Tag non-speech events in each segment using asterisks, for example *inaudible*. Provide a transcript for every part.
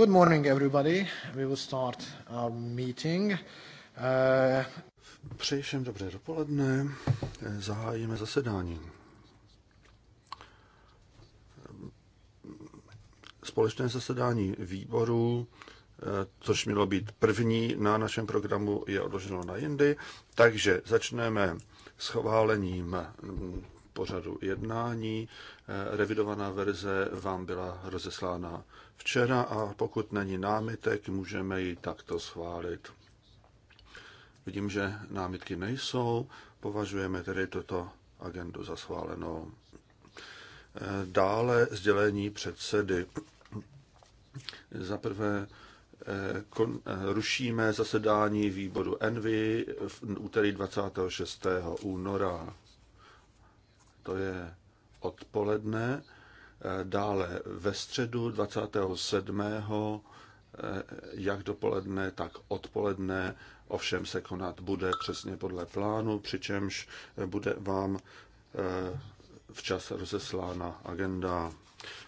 Good morning, everybody. We will start our meeting. Uh... Přeji všem dobré dopoledne. Zahájíme zasedání. Společné zasedání výboru, eh, což mělo být první na našem programu, je odloženo na jindy, takže začneme schválením pořadu jednání. Eh, revidovaná verze vám byla rozeslána včera a pokud není námitek, můžeme ji takto schválit. Vidím, že námitky nejsou, považujeme tedy toto agendu za schválenou. Eh, dále sdělení předsedy. *clears throat* Za prvé eh, kon, rušíme zasedání výboru Envy v úterý 26. února to je odpoledne. Eh, dále ve středu 27. Eh, jak dopoledne, tak odpoledne. Ovšem se konat bude přesně podle plánu, přičemž bude vám eh, včas rozeslána agenda.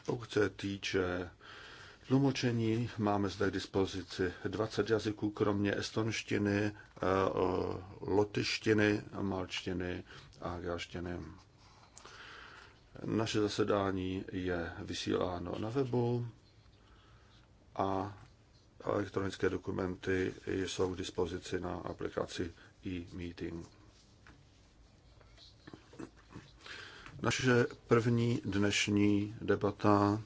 Pokud se týče tlumočení, máme zde k dispozici 20 jazyků, kromě estonštiny, lotyštiny, malčtiny a galštiny. Naše zasedání je vysíláno na webu a elektronické dokumenty jsou k dispozici na aplikaci e-meeting. Naše první dnešní debata,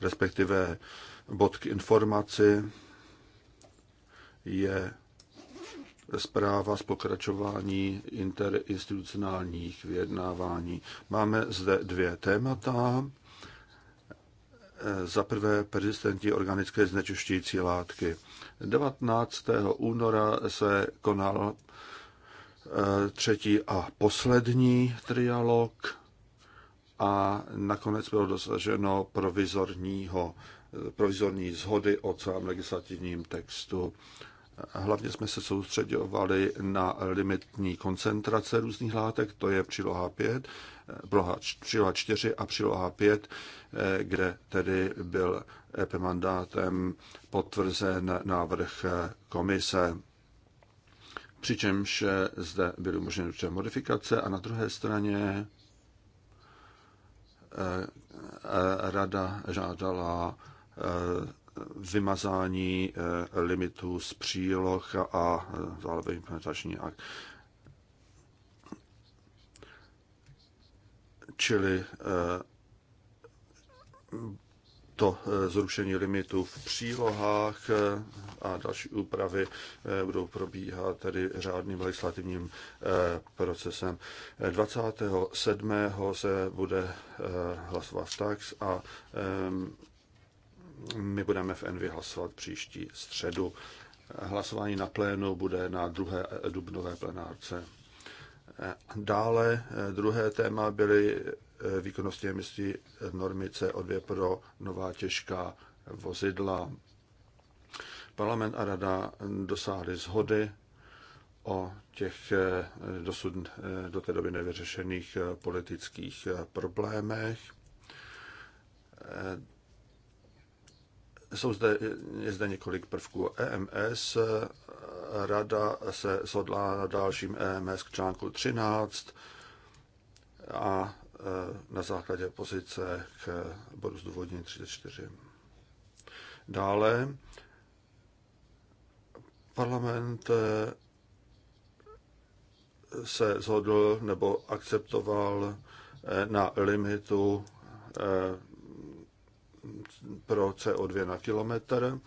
respektive bod k informaci, je zpráva z pokračování interinstitucionálních vyjednávání. Máme zde dvě témata. Za prvé persistentní organické znečišťující látky. 19. února se konal eh, třetí a poslední trialog a nakonec bylo dosaženo provizorního, eh, provizorní zhody o celém legislativním textu Hlavně jsme se soustředovali na limitní koncentrace různých látek, to je příloha 5, příloha 4 a příloha 5, eh, kde tedy byl EP mandátem potvrzen návrh komise. Přičemž eh, zde byly umožněny určité modifikace a na druhé straně eh, rada žádala vymazání eh, limitů z příloh a eh, zároveň implementační akt. Čili eh, to zrušení limitů v přílohách a další úpravy budou probíhat tedy řádným legislativním procesem. 27. se bude hlasovat tax a my budeme v Envy hlasovat příští středu. Hlasování na plénu bude na druhé dubnové plenárce. Dále eh, druhé téma byly eh, výkonnosti emisí normy CO2 pro nová těžká vozidla. Parlament a rada dosáhly zhody o těch eh, dosud do té doby nevyřešených politických problémech jsou zde, je zde několik prvků. EMS, rada se shodla na dalším EMS k článku 13 a e, na základě pozice k bodu zdůvodnění 34. Dále parlament e, se zhodl nebo akceptoval e, na limitu pro CO2 na kilometr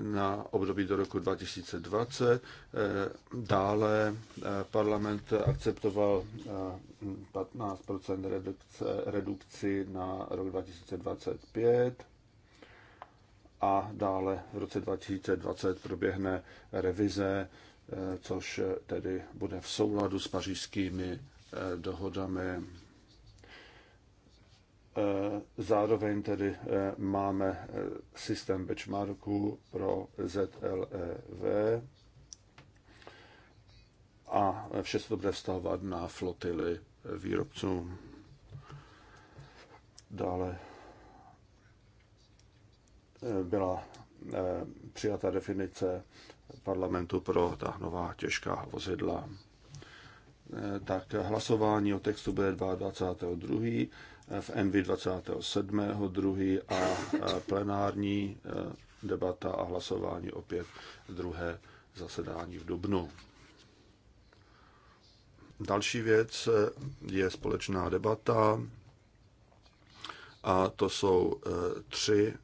na období do roku 2020. Eh, dále eh, parlament akceptoval 15 eh, redukce, redukci na rok 2025 a dále v roce 2020 proběhne revize, což tedy bude v souladu s pařížskými dohodami Eh, zároveň tedy eh, máme eh, systém benchmarku pro ZLEV a vše se to bude vztahovat na flotily výrobců. Dále byla přijata definice parlamentu pro ta nová těžká vozidla. Tak hlasování o textu bude 22. 2 v MV 27. 2. a plenární e, debata a hlasování opět druhé zasedání v Dubnu. Další věc e, je společná debata a to jsou e, tři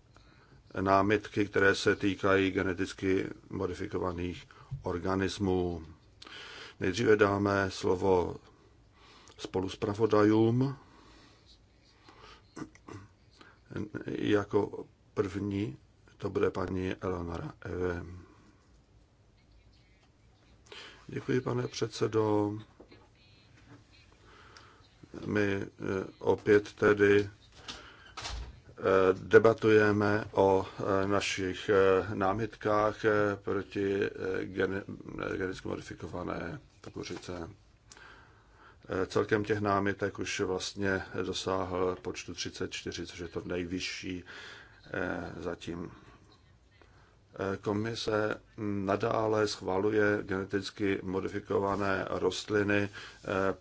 námitky, které se týkají geneticky modifikovaných organismů. Nejdříve dáme slovo spoluspravodajům jako první to bude paní Eleonora Eve. Děkuji, pane předsedo. My eh, opět tedy eh, debatujeme o eh, našich námitkách proti gen, geneticky modifikované kukuřice. Eh, celkem těch námitek už vlastně dosáhl počtu 34, což je to nejvyšší eh, zatím. Eh, komise nadále schvaluje geneticky modifikované rostliny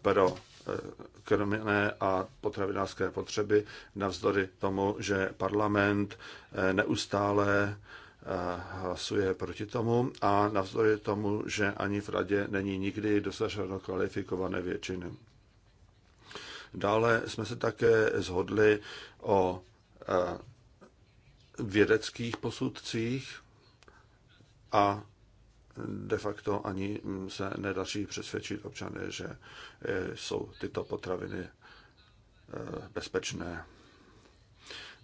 pro krmné a potravinářské potřeby, navzdory tomu, že parlament neustále Eh, hlasuje proti tomu a navzdory tomu, že ani v radě není nikdy dosaženo kvalifikované většiny. Dále jsme se také zhodli o eh, vědeckých posudcích a de facto ani se nedaří přesvědčit občany, že eh, jsou tyto potraviny bezpečné.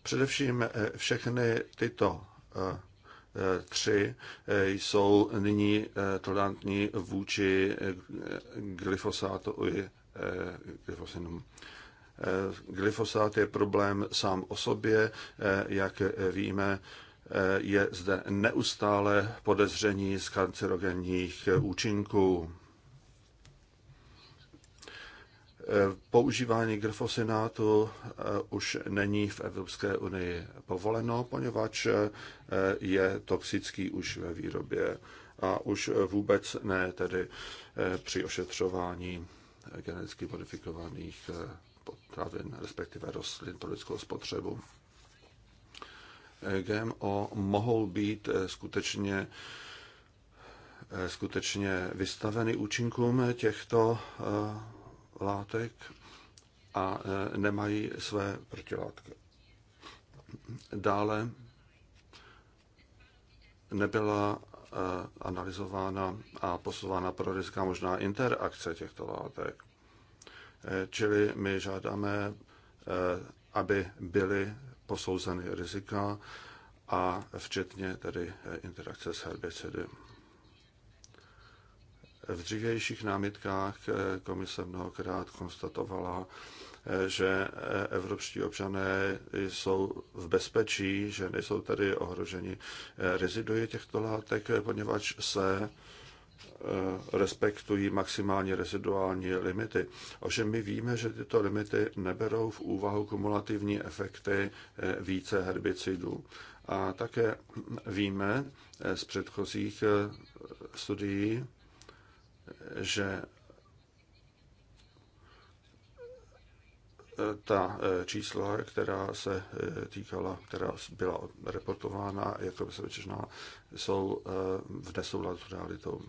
Především všechny tyto tři eh, jsou nyní eh, tolerantní vůči eh, glyfosátu i glyfosinům. Glyfosát je problém sám o sobě, jak víme, je zde neustále podezření z kancerogenních účinků. Eh, používání glyfosinátu eh, už není v Evropské unii povoleno, poněvadž eh, je toxický už ve výrobě a už vůbec ne tedy při ošetřování geneticky modifikovaných potravin, respektive rostlin pro lidskou spotřebu. GMO mohou být skutečně skutečně vystaveny účinkům těchto látek a e, nemají své protilátky. Dále nebyla e, analyzována a posouvána pro rizika možná interakce těchto látek. E, čili my žádáme, aby byly posouzeny rizika a včetně tedy interakce s herbicidy. V dřívějších námitkách eh, komise mnohokrát konstatovala, eh, že eh, evropští občané jsou v bezpečí, že nejsou tady ohroženi reziduji těchto látek, poněvadž se respektují maximální reziduální limity. Ovšem my víme, že tyto limity neberou v úvahu kumulativní efekty více herbicidů. A také víme z předchozích studií, že ta e, čísla, která se e, týkala, která byla reportována jako bezpečná, jsou e, v nesouladu s realitou.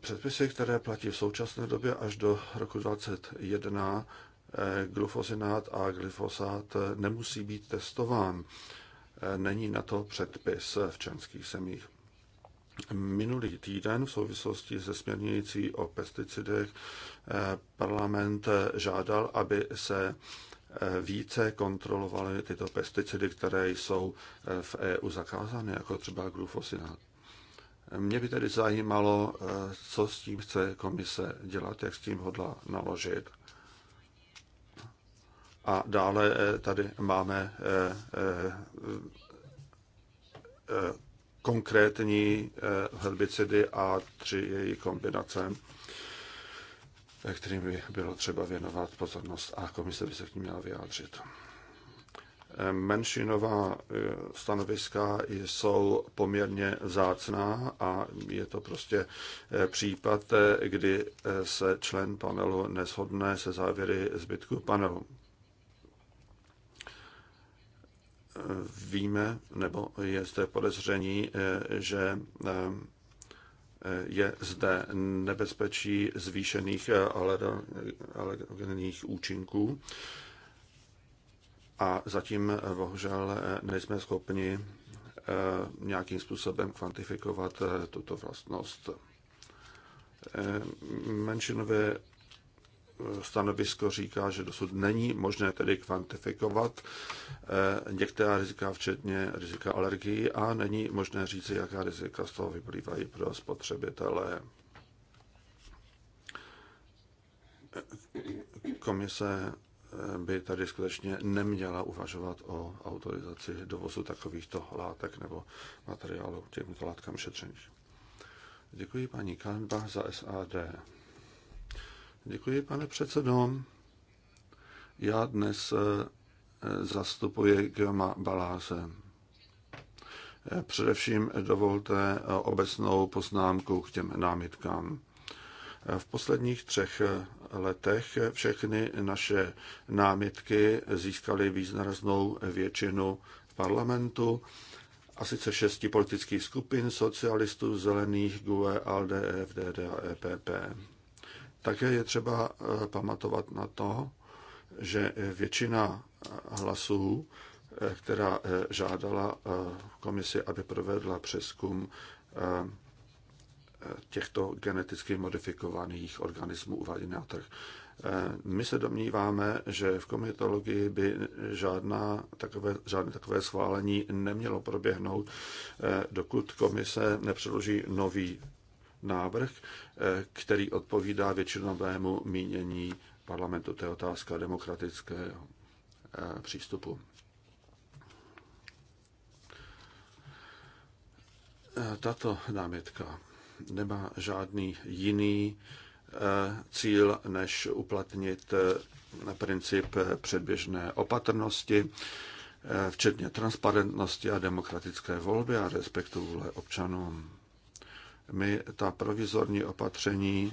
Předpisy, které platí v současné době až do roku 2021, glufosinát a glyfosát nemusí být testován. Není na to předpis v členských semích. Minulý týden v souvislosti se směrnicí o pesticidech eh, parlament eh, žádal, aby se eh, více kontrolovaly tyto pesticidy, které jsou v EU zakázány, jako třeba glufosinát. Mě by tedy zajímalo, co s tím chce komise dělat, jak s tím hodla naložit. A dále tady máme konkrétní eh, herbicidy a tři její kombinace, eh, kterým by bylo třeba věnovat pozornost a komise by se k ní měla vyjádřit. Eh, menšinová stanoviska jsou poměrně zácná a je to prostě případ, kdy se člen panelu neshodne se závěry zbytku panelu. víme, nebo je zde podezření, eh, že eh, je zde nebezpečí zvýšených alergenních eh, účinků. A zatím bohužel nejsme schopni nějakým způsobem kvantifikovat tuto vlastnost. Menšinové stanovisko říká, že dosud není možné tedy kvantifikovat eh, některá rizika, včetně rizika alergii, a není možné říci, jaká rizika z toho vyplývají pro spotřebitele. Komise eh, by tady skutečně neměla uvažovat o autorizaci dovozu takovýchto látek nebo materiálu těmto látkám šetření. Děkuji paní Kalmbach za SAD. Děkuji, pane předsedo. Já dnes eh, zastupuji Gema Baláze. Eh, především dovolte eh, obecnou poznámku k těm námitkám. V posledních třech letech všechny naše námitky získaly významnou většinu v parlamentu, a sice šesti politických skupin, socialistů, zelených, GUE, ALDE, FDD a EPP. Také je třeba eh, pamatovat na to, že většina eh, hlasů, eh, která žádala komisi, aby provedla přeskum těchto geneticky modifikovaných organismů uváděných na trh. My se domníváme, že v komitologii by žádná takové, žádné takové schválení nemělo proběhnout, dokud komise nepředloží nový návrh, který odpovídá většinovému mínění parlamentu. To je otázka demokratického eh, přístupu. Eh, tato námětka nemá žádný jiný eh, cíl, než uplatnit princip předběžné opatrnosti, včetně transparentnosti a demokratické volby a respektu vůle občanům my ta provizorní opatření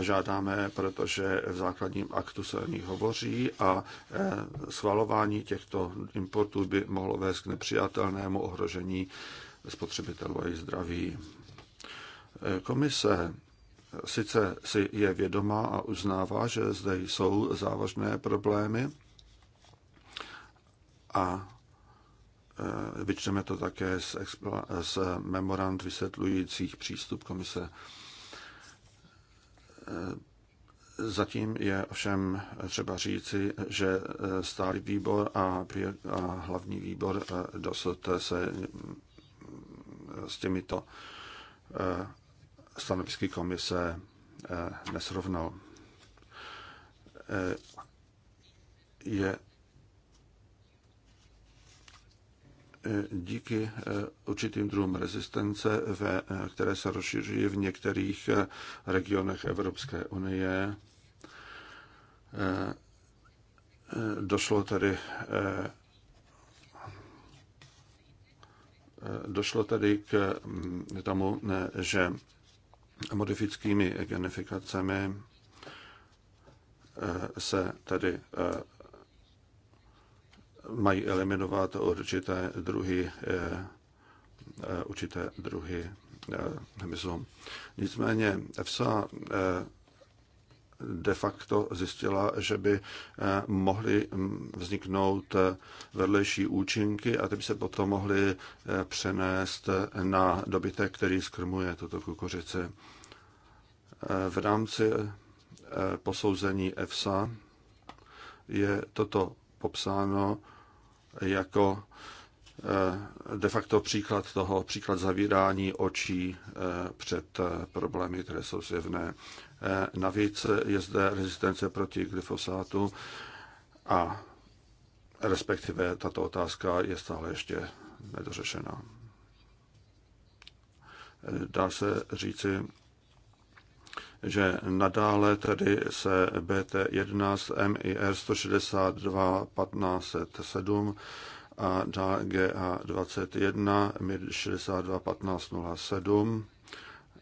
žádáme, protože v základním aktu se o nich hovoří a e, schvalování těchto importů by mohlo vést k nepřijatelnému ohrožení spotřebitelů a jejich zdraví. E, komise sice si je vědomá a uznává, že zde jsou závažné problémy a Eh, vyčteme to také z, expla- z memorand vysvětlujících přístup komise. Eh, zatím je ovšem třeba říci, že eh, stálý výbor a, a hlavní výbor dosud se mm, s těmito stanovisky komise nesrovnal. Je díky eh, určitým druhům rezistence, eh, které se rozšiřují v některých eh, regionech Evropské unie. Došlo tedy došlo tedy k mm, tomu, že modifickými genifikacemi se tedy mají eliminovat určité druhy, eh, eh, určité druhy eh, hmyzu. Nicméně EFSA de facto zjistila, že by mohly mm, vzniknout vedlejší účinky a ty by se potom mohly přenést na dobytek, který skrmuje tuto kukuřici. V rámci posouzení EFSA je toto popsáno jako eh, de facto příklad toho, příklad zavírání očí eh, před eh, problémy, které jsou zjevné. Navíc je zde rezistence proti glyfosátu a respektive tato otázka je stále ještě nedořešená. Dá se říci, že nadále tedy se BT11 MIR 162 1507 a dále GA21 MIR 62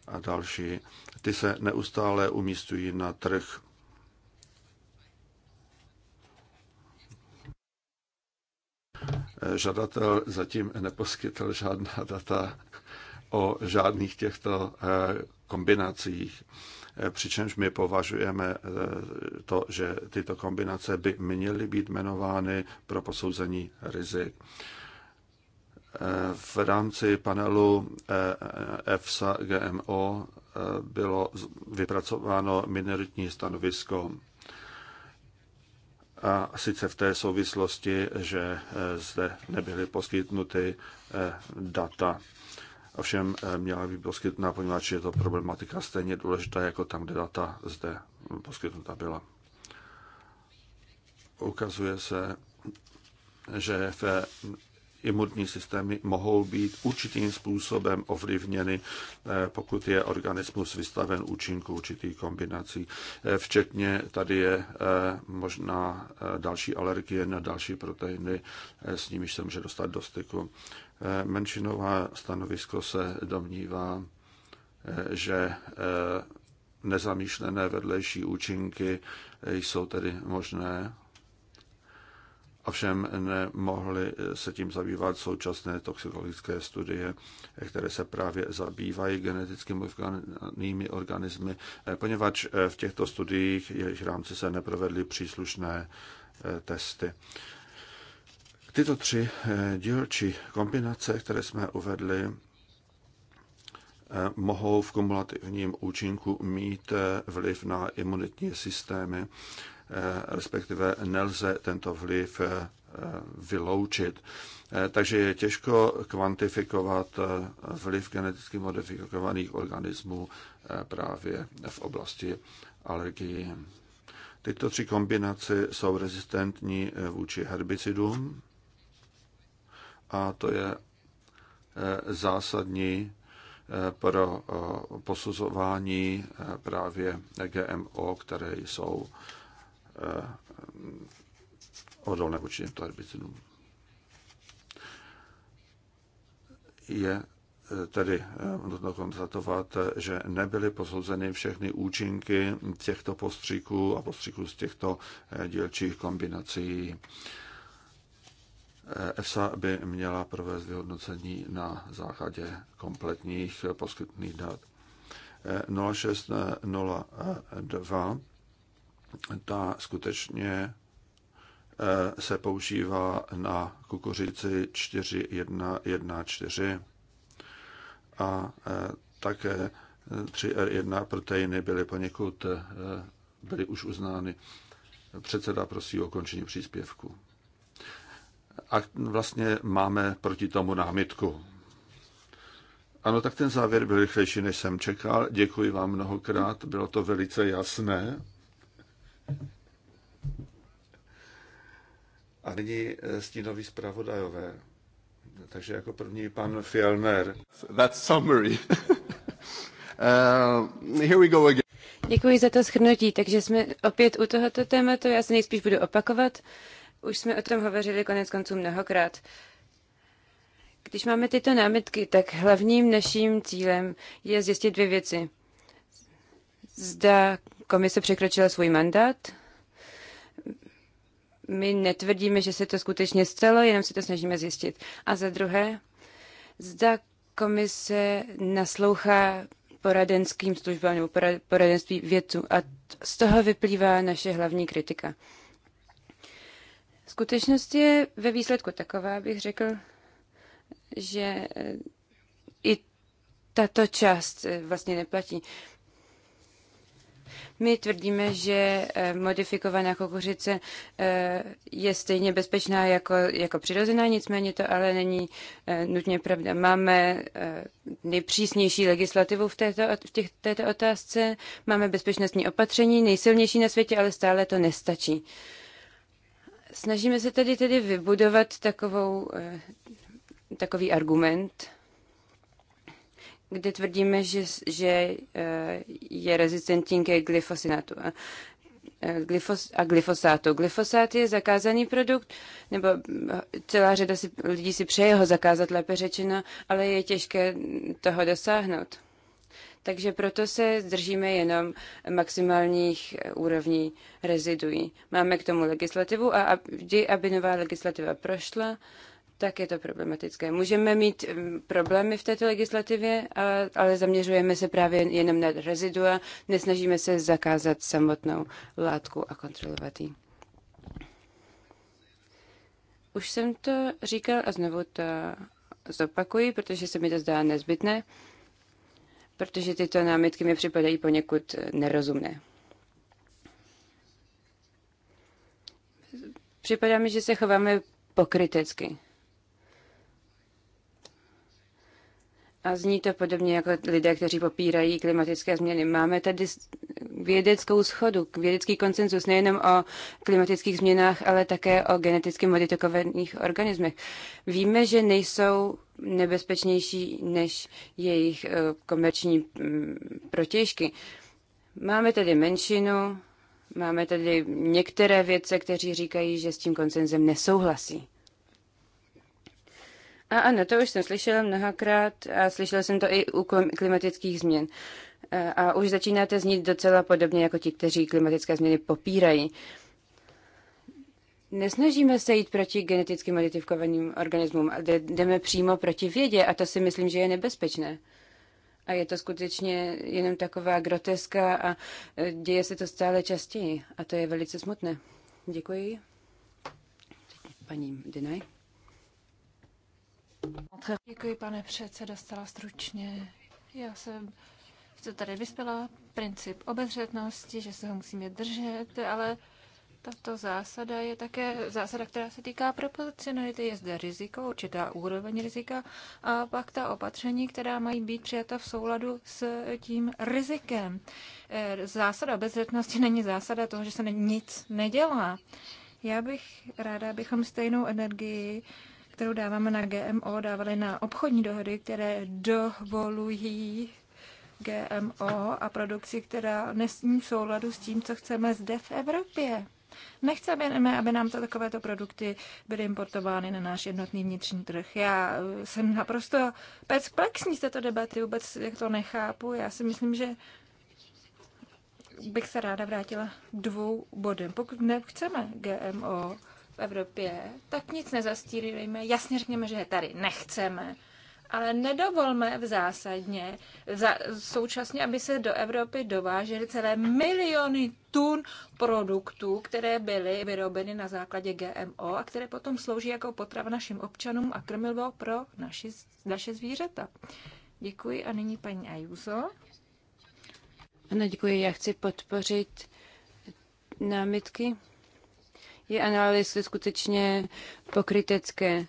a další. Ty se neustále umístují na trh. Žadatel zatím neposkytl žádná data o žádných těchto eh, kombinacích přičemž my považujeme eh, to, že tyto kombinace by měly být jmenovány pro posouzení rizik. Eh, v rámci panelu eh, EFSA GMO bylo vypracováno minoritní stanovisko a sice v té souvislosti, že zde nebyly poskytnuty data ovšem eh, měla by poskytná, poněvadž je to problematika stejně důležitá jako tam, kde data zde poskytnuta byla. Ukazuje se, že v imunitní systémy mohou být určitým způsobem ovlivněny, eh, pokud je organismus vystaven účinku určitých kombinací. Eh, včetně tady je možná další alergie na další proteiny, s nimiž se může dostat do styku. Eh, menšinová stanovisko se domnívá, eh, že eh, nezamýšlené vedlejší účinky jsou tedy možné, ovšem nemohly se tím zabývat současné toxikologické studie, které se právě zabývají geneticky modifikovanými organismy, poněvadž v těchto studiích jejich rámci se neprovedly příslušné testy. Tyto tři eh, dílčí kombinace, které jsme uvedli, eh, mohou v kumulativním účinku mít eh, vliv na imunitní systémy, respektive nelze tento vliv vyloučit. Takže je těžko kvantifikovat vliv geneticky modifikovaných organismů právě v oblasti alergií. Tyto tři kombinace jsou rezistentní vůči herbicidům, a to je eh, zásadní eh, pro eh, posuzování právě GMO, které jsou odolné těmto herbicidům. Je tedy nutno konstatovat, že nebyly posouzeny všechny účinky těchto postříků a postříků z těchto dílčích kombinací. EFSA by měla provést vyhodnocení na základě kompletních poskytných dat. 0602 e ta skutečně e, se používá na kukuřici 4114 a e, také 3R1 er proteiny byly poněkud byly už uznány. Předseda prosí o ukončení příspěvku a vlastně máme proti tomu námitku. Ano, tak ten závěr byl rychlejší, než jsem čekal. Děkuji vám mnohokrát, bylo to velice jasné. A nyní eh, stínový zpravodajové. Takže jako první pan Fjellner. That's summary. *laughs* uh, here we go again. Děkuji za to shrnutí, takže jsme opět u tohoto tématu. Já se nejspíš budu opakovat. Uh, už jsme o tom hovořili konec konců mnohokrát. Když máme tyto námitky, tak hlavním naším cílem je zjistit dvě věci. Zda komise překročila svůj mandát, my netvrdíme, že se to skutečně stalo, jenom se to snažíme zjistit. A za druhé, zda komise naslouchá poradenským službám nebo poradenství vědců a z toho vyplývá naše hlavní kritika. Skutečnost je ve výsledku taková, bych řekl, že eh, i tato část eh, vlastně neplatí. My tvrdíme, že eh, modifikovaná kukuřice je stejně bezpečná jako, jako přirozená, nicméně to ale není nutně pravda. Máme nejpřísnější legislativu v této, v těch, této otázce, máme bezpečnostní opatření, nejsilnější na světě, ale stále to nestačí. Snažíme se tedy tedy vybudovat takovou, eh, takový argument, kde tvrdíme, že, že eh, je rezistentní ke glyfosinátu a, eh, glyfos, a glyfosátu. Glyfosát je zakázaný produkt, nebo celá řada si, lidí si přeje ho zakázat, lépe řečeno, ale je těžké toho dosáhnout takže proto se držíme jenom maximálních úrovní rezidují. Máme k tomu legislativu a vždy, aby nová legislativa prošla, tak je to problematické. Můžeme mít mm, problémy v této legislativě, ale zaměřujeme se právě jenom na rezidua, nesnažíme se zakázat samotnou látku a kontrolovat ji. Už jsem to říkal a znovu to zopakuji, protože se mi to zdá nezbytné protože tyto námitky mi připadají poněkud eh, nerozumné. Připadá mi, že se chováme pokrytecky. A zní to podobně jako lidé, kteří popírají klimatické změny. Máme tady vědeckou schodu, vědecký koncenzus nejenom o klimatických změnách, ale také o geneticky modifikovaných organismech. Víme, že nejsou nebezpečnější než jejich eh, komerční mm, protěžky. Máme tedy menšinu, máme tedy některé vědce, kteří říkají, že s tím koncenzem nesouhlasí. A ano, to už jsem slyšela mnohokrát a slyšela jsem to i u klimatických změn a už začínáte znít docela podobně jako ti, kteří klimatické změny popírají. Nesnažíme se jít proti geneticky modifikovaným organismům, ale jdeme přímo proti vědě a to si myslím, že je nebezpečné. A je to skutečně jenom taková groteska a e, děje se to stále častěji a to je velice smutné. Děkuji. Paní Dinaj. Děkuji, pane předsedo, stala stručně. Já jsem to tady vyspělo, princip obezřetnosti, že se ho musíme držet, ale tato zásada je také zásada, která se týká proporcionality. Je zde riziko, určitá úroveň rizika a pak ta opatření, která mají být přijata v souladu s tím rizikem. Eh, zásada obezřetnosti není zásada toho, že se nic nedělá. Já bych ráda, abychom stejnou energii, kterou dáváme na GMO, dávali na obchodní dohody, které dovolují GMO a produkci, která nesní v souladu s tím, co chceme zde v Evropě. Nechceme, aby nám to takovéto produkty byly importovány na náš jednotný vnitřní trh. Já eh, jsem naprosto perplexní z této debaty, vůbec jak to nechápu. Já si myslím, že bych se ráda vrátila dvou bodem. Pokud nechceme GMO v Evropě, tak nic nezastírujeme. Jasně řekněme, že je tady nechceme ale nedovolme v zásadně za, současně, aby se do Evropy dovážely celé miliony tun produktů, které byly vyrobeny na základě GMO a které potom slouží jako potrava našim občanům a krmivo pro naši, naše zvířata. Děkuji a nyní paní Ajuso. Ano, děkuji. Já chci podpořit námitky. Je analýzy skutečně pokrytecké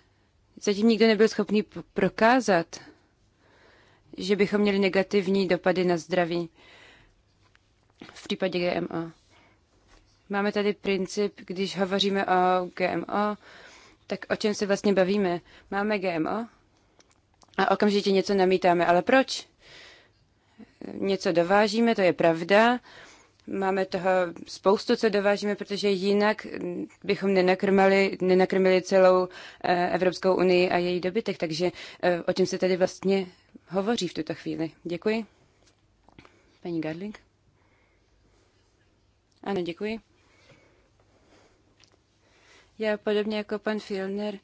Zatím nikdo nebyl schopný prokázat, že bychom měli negativní dopady na zdraví v případě GMO. Máme tady princip, když hovoříme o GMO, tak o čem se vlastně bavíme? Máme GMO a okamžitě něco namítáme. Ale proč? Něco dovážíme, to je pravda, Máme toho spoustu, co dovážíme, protože jinak bychom nenakrmili, nenakrmili celou eh, Evropskou unii a její dobytek. Takže eh, o čem se tady vlastně hovoří v tuto chvíli? Děkuji. Paní Garling? Ano, děkuji. Já podobně jako pan Filner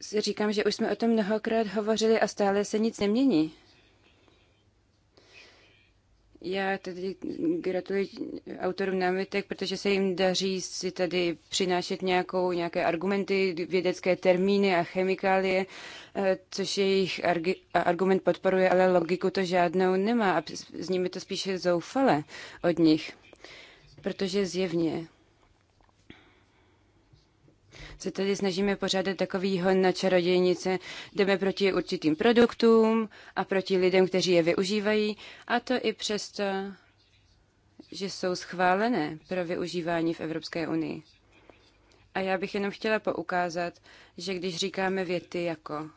si říkám, že už jsme o tom mnohokrát hovořili a stále se nic nemění. Já tedy gratuluji autorům námitek, protože se jim daří si tady přinášet nějakou, nějaké argumenty, vědecké termíny a chemikálie, eh, což jejich argument podporuje, ale logiku to žádnou nemá a s nimi to spíše zoufale od nich, protože zjevně se tady snažíme pořádat takový hon na čarodějnice. Jdeme proti určitým produktům a proti lidem, kteří je využívají, a to i přesto, že jsou schválené pro využívání v Evropské unii. A já bych jenom chtěla poukázat, že když říkáme věty jako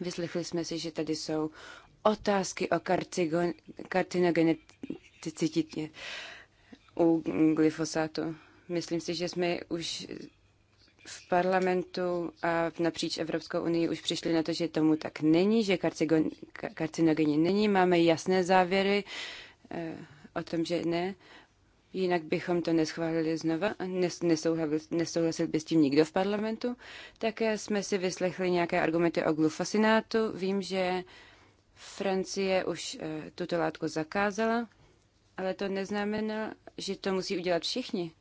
vyslechli jsme si, že tady jsou otázky o karcinogeneticitě u glyfosátu. Myslím si, že jsme už v parlamentu a napříč Evropskou unii už přišli na to, že tomu tak není, že karcinogení není. Máme jasné závěry eh, o tom, že ne. Jinak bychom to neschválili znova, nesouhlasil, nesouhlasil by s tím nikdo v parlamentu. Také jsme si vyslechli nějaké argumenty o glufosinátu. Vím, že Francie už eh, tuto látku zakázala, ale to neznamená, že to musí udělat všichni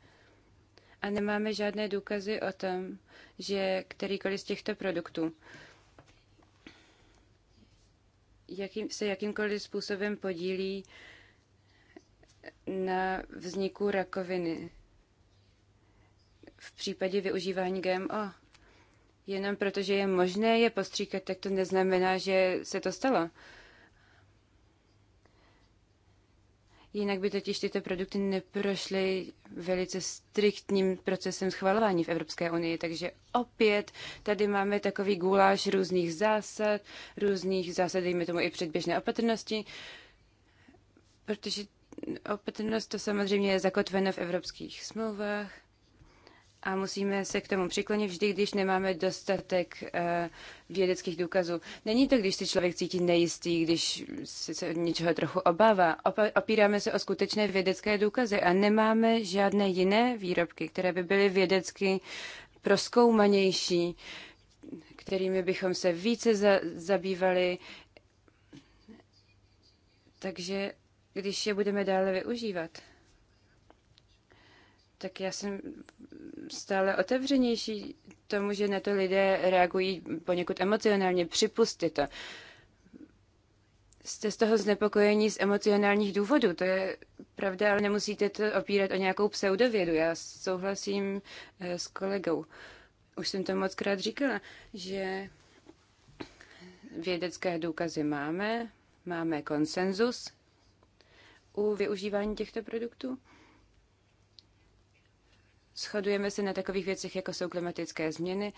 a nemáme žádné důkazy o tom, že kterýkoliv z těchto produktů jakým, se jakýmkoliv způsobem podílí na vzniku rakoviny v případě využívání GMO. Jenom protože je možné je postříkat, tak to neznamená, že se to stalo. Jinak by totiž tyto produkty neprošly velice striktním procesem schvalování v Evropské unii. Takže opět tady máme takový guláš různých zásad, různých zásad, dejme tomu i předběžné opatrnosti, protože opatrnost to samozřejmě je zakotveno v evropských smlouvách a musíme se k tomu přiklonit vždy, když nemáme dostatek eh, vědeckých důkazů. Není to, když si člověk cítí nejistý, když se od něčeho trochu obává. Opíráme se o skutečné vědecké důkazy a nemáme žádné jiné výrobky, které by byly vědecky proskoumanější, kterými bychom se více za- zabývali. Takže když je budeme dále využívat tak já jsem stále otevřenější tomu, že na to lidé reagují poněkud emocionálně. Připusty to. Jste z toho znepokojení z emocionálních důvodů, to je pravda, ale nemusíte to opírat o nějakou pseudovědu. Já souhlasím eh, s kolegou. Už jsem to moc krát říkala, že vědecké důkazy máme, máme konsenzus u využívání těchto produktů. Shodujeme se na takových věcech, jako jsou klimatické změny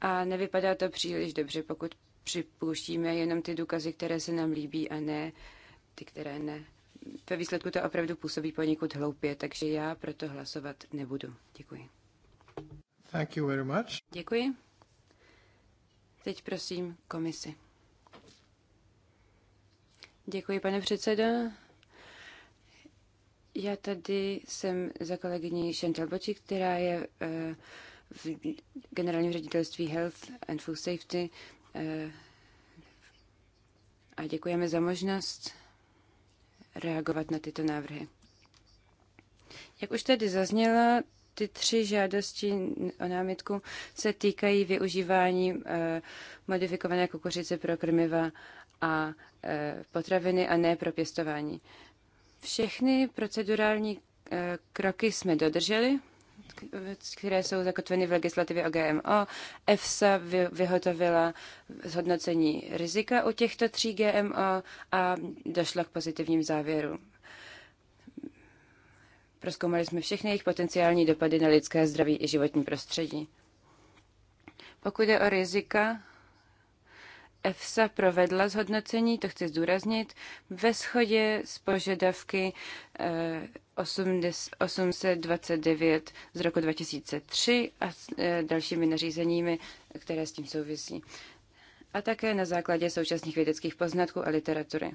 a nevypadá to příliš dobře, pokud připouštíme jenom ty důkazy, které se nám líbí a ne ty, které ne. Ve výsledku to opravdu působí poněkud hloupě, takže já proto hlasovat nebudu. Děkuji. Thank you very much. Děkuji. Teď prosím komisi. Děkuji, pane předsedo. Já tady jsem za kolegyní Chantal Bočík, která je eh, v generálním ředitelství Health and Food Safety eh, a děkujeme za možnost reagovat na tyto návrhy. Jak už tady zaznělo, ty tři žádosti o námitku se týkají využívání eh, modifikované kukuřice pro krmiva a potraviny a ne pro pěstování. Všechny procedurální eh, kroky jsme dodrželi, které jsou zakotveny v legislativě o GMO. EFSA vyhotovila zhodnocení rizika u těchto tří GMO a došla k pozitivním závěrům. Proskoumali jsme všechny jejich potenciální dopady na lidské zdraví i životní prostředí. Pokud je o rizika, EFSA provedla zhodnocení, to chci zdůraznit, ve shodě s požadavky 829 eh, z roku 2003 a eh, dalšími nařízeními, které s tím souvisí. A také na základě současných vědeckých poznatků a literatury.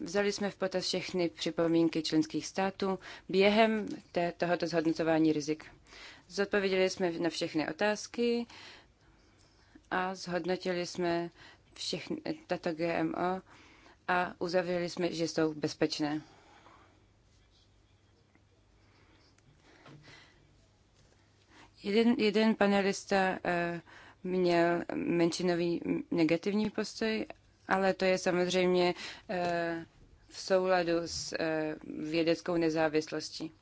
Vzali jsme v potaz všechny připomínky členských států během té, tohoto zhodnocování rizik. Zodpověděli jsme na všechny otázky, a zhodnotili jsme všechny tato GMO a uzavřeli jsme, že jsou bezpečné. Jeden, jeden panelista uh, měl menšinový negativní postoj, ale to je samozřejmě uh, v souladu s uh, vědeckou nezávislostí.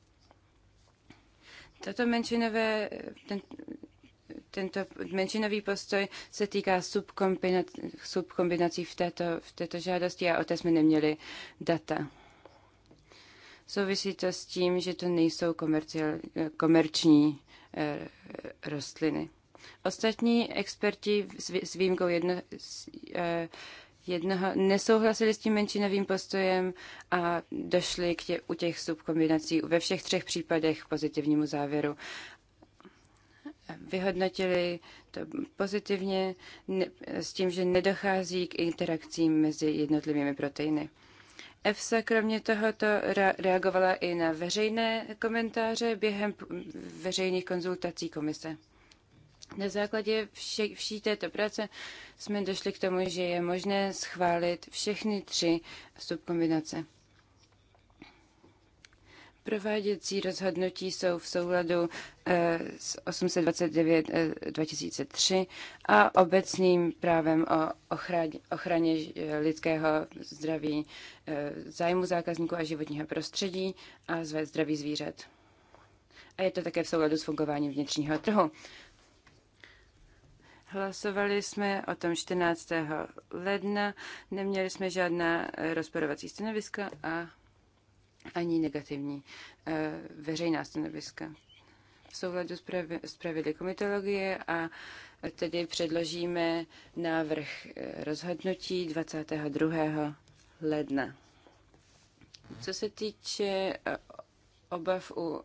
Tato menšinové, ten, tento menšinový postoj se týká subkombinací, subkombinací v, této, v této žádosti a o té jsme neměli data. Souvisí to s tím, že to nejsou komerční eh, rostliny. Ostatní experti s výjimkou jedno, eh, jednoho nesouhlasili s tím menšinovým postojem a došli k tě, u těch subkombinací ve všech třech případech pozitivnímu závěru vyhodnotili to pozitivně s tím, že nedochází k interakcím mezi jednotlivými proteiny. EFSA kromě tohoto reagovala i na veřejné komentáře během veřejných konzultací komise. Na základě vše, vší této práce jsme došli k tomu, že je možné schválit všechny tři subkombinace. kombinace. Prováděcí rozhodnutí jsou v souladu eh, s 829 2003 eh, a obecným právem o ochraně, lidského zdraví, eh, zájmu zákazníků a životního prostředí a zdraví zvířat. A je to také v souladu s fungováním vnitřního trhu. Hlasovali jsme o tom 14. ledna, neměli jsme žádná rozporovací stanoviska a ani negativní eh, veřejná stanoviska. V souladu s pravidly komitologie a tedy předložíme návrh eh, rozhodnutí 22. ledna. Co se týče eh, obav u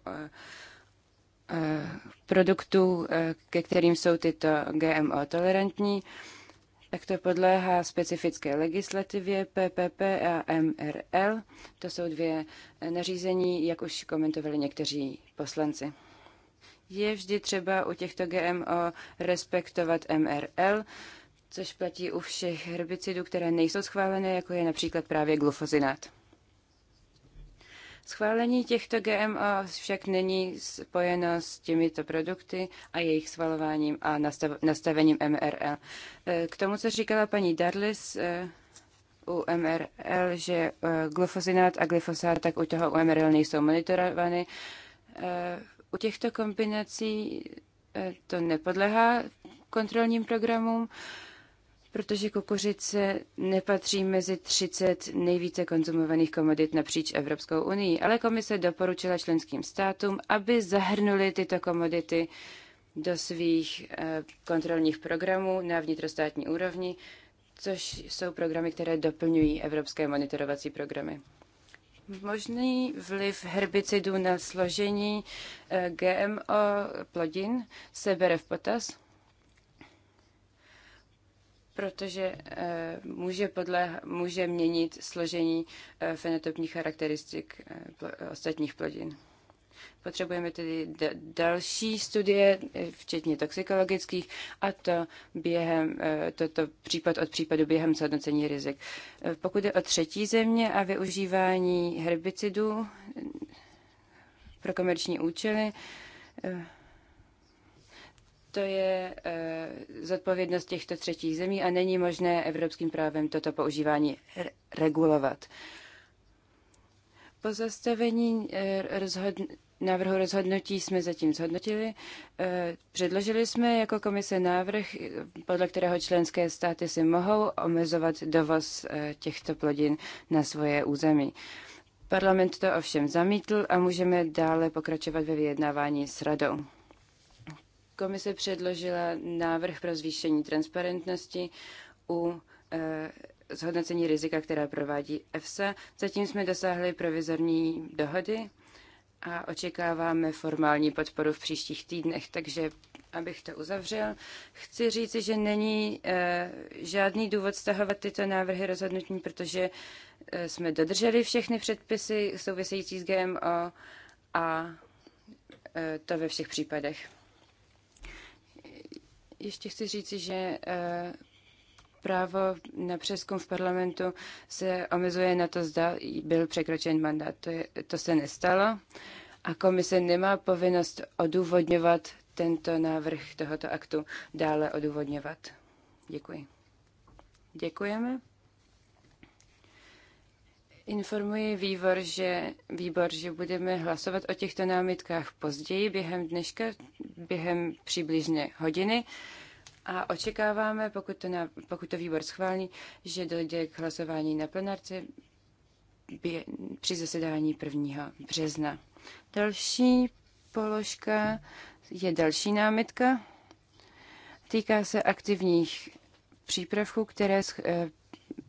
produktů, ke kterým jsou tyto GMO tolerantní, tak to podléhá specifické legislativě PPP a MRL. To jsou dvě nařízení, jak už komentovali někteří poslanci. Je vždy třeba u těchto GMO respektovat MRL, což platí u všech herbicidů, které nejsou schválené, jako je například právě glufozinát. Schválení těchto GMO však není spojeno s těmito produkty a jejich schvalováním a nastav, nastavením MRL. E, k tomu, co říkala paní Darlis e, u MRL, že e, glufosinát a glyfosát tak u toho u MRL nejsou monitorovány. U těchto kombinací to nepodlehá kontrolním programům protože kukuřice nepatří mezi 30 nejvíce konzumovaných komodit napříč Evropskou unii, ale komise doporučila členským státům, aby zahrnuli tyto komodity do svých eh, kontrolních programů na vnitrostátní úrovni, což jsou programy, které doplňují evropské monitorovací programy. Možný vliv herbicidů na složení eh, GMO plodin se bere v potaz protože eh, může, podle, může měnit složení eh, fenotopních charakteristik eh, ostatních plodin. Potřebujeme tedy další studie, včetně toxikologických, a to během, toto případ od případu během zhodnocení rizik. Pokud je o třetí země a využívání herbicidů pro komerční účely, to je e, zodpovědnost těchto třetích zemí a není možné evropským právem toto používání re- regulovat. Po zastavení e, eh, rozhod- návrhu rozhodnutí jsme zatím zhodnotili. E, předložili jsme jako komise návrh, podle kterého členské státy si mohou omezovat dovoz e, těchto plodin na svoje území. Parlament to ovšem zamítl a můžeme dále pokračovat ve vyjednávání s radou. Komise předložila návrh pro zvýšení transparentnosti u eh, zhodnocení rizika, která provádí EFSA. Zatím jsme dosáhli provizorní dohody a očekáváme formální podporu v příštích týdnech, takže abych to uzavřel, chci říci, že není eh, žádný důvod stahovat tyto návrhy rozhodnutí, protože eh, jsme dodrželi všechny předpisy související s GMO a to ve všech případech ještě chci říci, že eh, právo na přeskum v parlamentu se omezuje na to, zda byl překročen mandát. To, je, to se nestalo a komise nemá povinnost odůvodňovat tento návrh tohoto aktu dále odůvodňovat. Děkuji. Děkujeme. Informuji výbor, že, výbor, že budeme hlasovat o těchto námitkách později během dneška, během přibližně hodiny. A očekáváme, pokud to, na, pokud to výbor schválí, že dojde k hlasování na plenárce při zasedání 1. března. Další položka je další námitka. Týká se aktivních přípravků, které eh,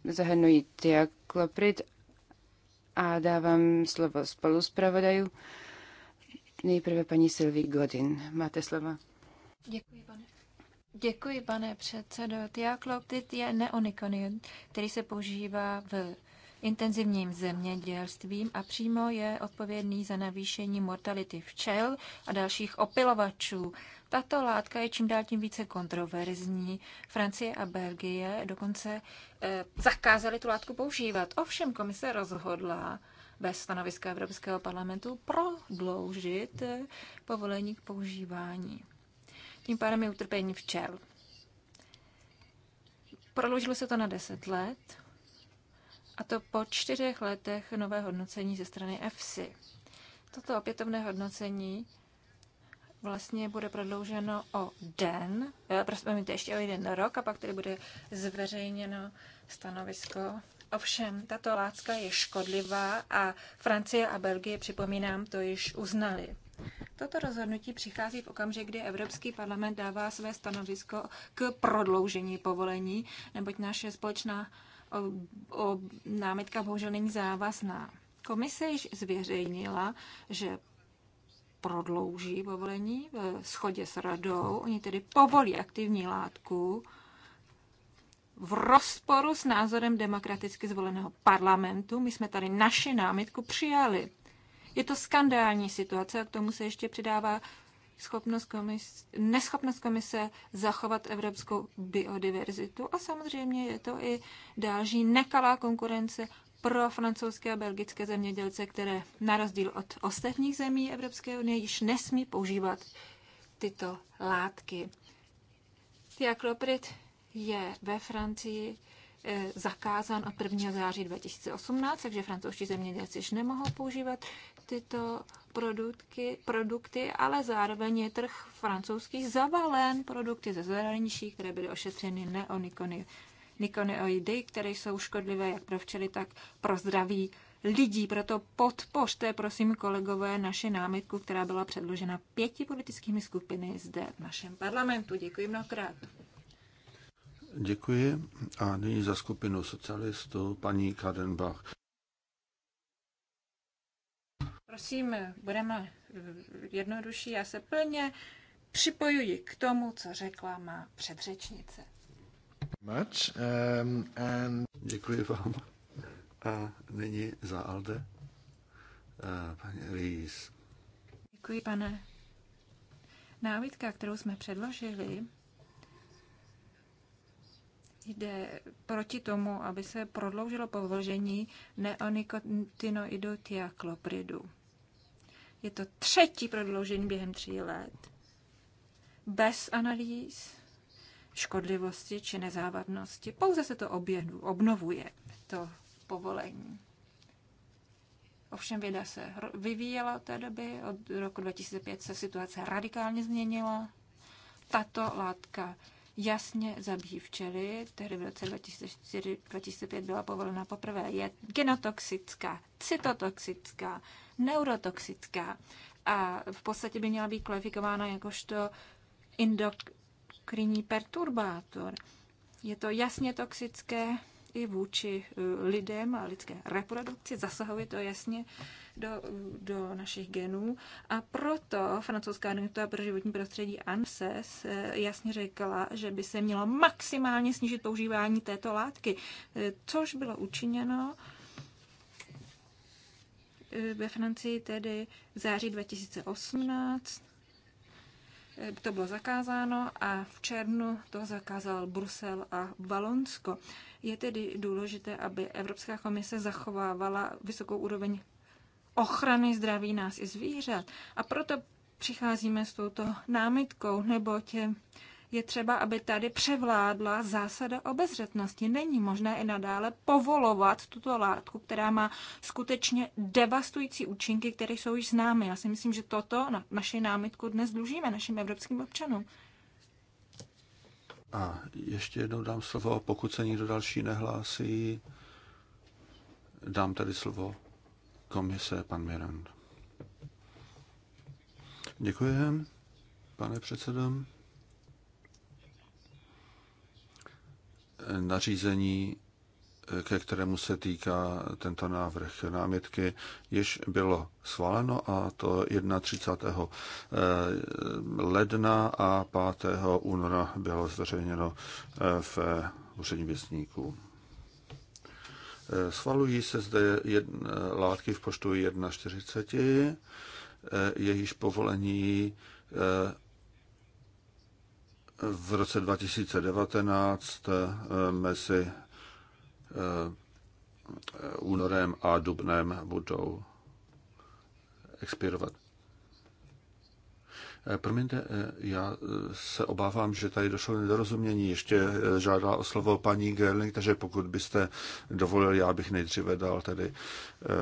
zahrnují tiaklopryt a dávám slovo spolu spoluspravodaju. Nejprve paní Sylvie Godin. Máte slovo. Děkuji, pane. Děkuji, pane předsedo. Tiakloptit je neonikonium, který se používá v intenzivním zemědělstvím a přímo je odpovědný za navýšení mortality včel a dalších opilovačů. Tato látka je čím dál tím více kontroverzní. Francie a Belgie dokonce eh, zakázaly tu látku používat. Ovšem komise rozhodla bez stanoviska Evropského parlamentu prodloužit eh, povolení k používání. Tím pádem je utrpení včel. Prodloužilo se to na 10 let a to po čtyřech letech nové hodnocení ze strany EFSI. Toto opětovné hodnocení vlastně bude prodlouženo o den, eh, promiňte, ještě o jeden rok a pak tedy bude zveřejněno stanovisko. Ovšem, tato látka je škodlivá a Francie a Belgie, připomínám, to již uznali. Toto rozhodnutí přichází v okamžik, kdy Evropský parlament dává své stanovisko k prodloužení povolení, neboť naše společná o, o, námitka bohužel není závazná. Komise již zveřejnila, že prodlouží povolení v schodě s radou. Oni tedy povolí aktivní látku v rozporu s názorem demokraticky zvoleného parlamentu. My jsme tady naši námitku přijali. Je to skandální situace a k tomu se ještě přidává schopnost komise, neschopnost komise zachovat evropskou biodiverzitu a samozřejmě je to i další nekalá konkurence pro francouzské a belgické zemědělce, které na rozdíl od ostatních zemí Evropské unie již nesmí používat tyto látky. Tiaklopryt je ve Francii eh, zakázán od 1. září 2018, takže francouzští zemědělci již nemohou používat tyto produkty, produkty, ale zároveň je trh francouzských zavalen produkty ze zahraničí, které byly ošetřeny neonikony, nikotinoidy, které jsou škodlivé jak pro včely, tak pro zdraví lidí. Proto podpořte, prosím, kolegové, naše námitku, která byla předložena pěti politickými skupiny zde v našem parlamentu. Děkuji mnohokrát. Děkuji. A nyní za skupinu socialistů paní Kadenbach. Prosím, budeme jednodušší. Já se plně připojuji k tomu, co řekla má předřečnice. Much, um, and... Děkuji vám. A nyní za Alde, a eh, paní Rees. Děkuji, pane. Návitka, kterou jsme předložili, jde proti tomu, aby se prodloužilo povolžení neonikotinoidu tiaklopridu. Je to třetí prodloužení během tří let. Bez analýz, škodlivosti či nezávadnosti. Pouze se to objedu, obnovuje, to povolení. Ovšem věda se vyvíjela od té doby, od roku 2005 se situace radikálně změnila. Tato látka jasně zabíjí včely, tehdy v roce 2004-2005 byla povolena poprvé, je genotoxická, cytotoxická, neurotoxická a v podstatě by měla být kvalifikována jakožto indok, endokrinní perturbátor. Je to jasně toxické i vůči e, lidem a lidské reprodukci, zasahuje to jasně do, do našich genů. A proto francouzská agentura pro životní prostředí ANSES e jasně řekla, že by se mělo maximálně snížit používání této látky, e, což bylo učiněno ve Francii tedy v září 2018 Eh, to bylo zakázáno a v červnu to zakázal Brusel a Valonsko. Je tedy důležité, aby Evropská komise zachovávala vysokou úroveň ochrany zdraví nás i zvířat. A proto přicházíme s touto námitkou, neboť eh, je třeba, aby tady převládla zásada obezřetnosti. Není možné i nadále povolovat tuto látku, která má skutečně devastující účinky, které jsou již známy. Já si myslím, že toto na naši námitku dnes dlužíme našim evropským občanům. A ještě jednou dám slovo, pokud se nikdo další nehlásí, dám tady slovo komise pan Mirand. Děkuji, pane předsedo. nařízení, ke kterému se týká tento návrh námitky, již bylo schváleno a to 31. ledna a 5. února bylo zveřejněno eh, v úřední věstníku. Eh, Svalují se zde jedna, látky v poštu 1,40, jejíž povolení eh, v roce 2019 eh, mezi eh, únorem a dubnem budou expirovat. Eh, promiňte, eh, já eh, se obávám, že tady došlo nedorozumění. Ještě žádala o slovo paní Gerling, takže pokud byste dovolili, já bych nejdříve dal tady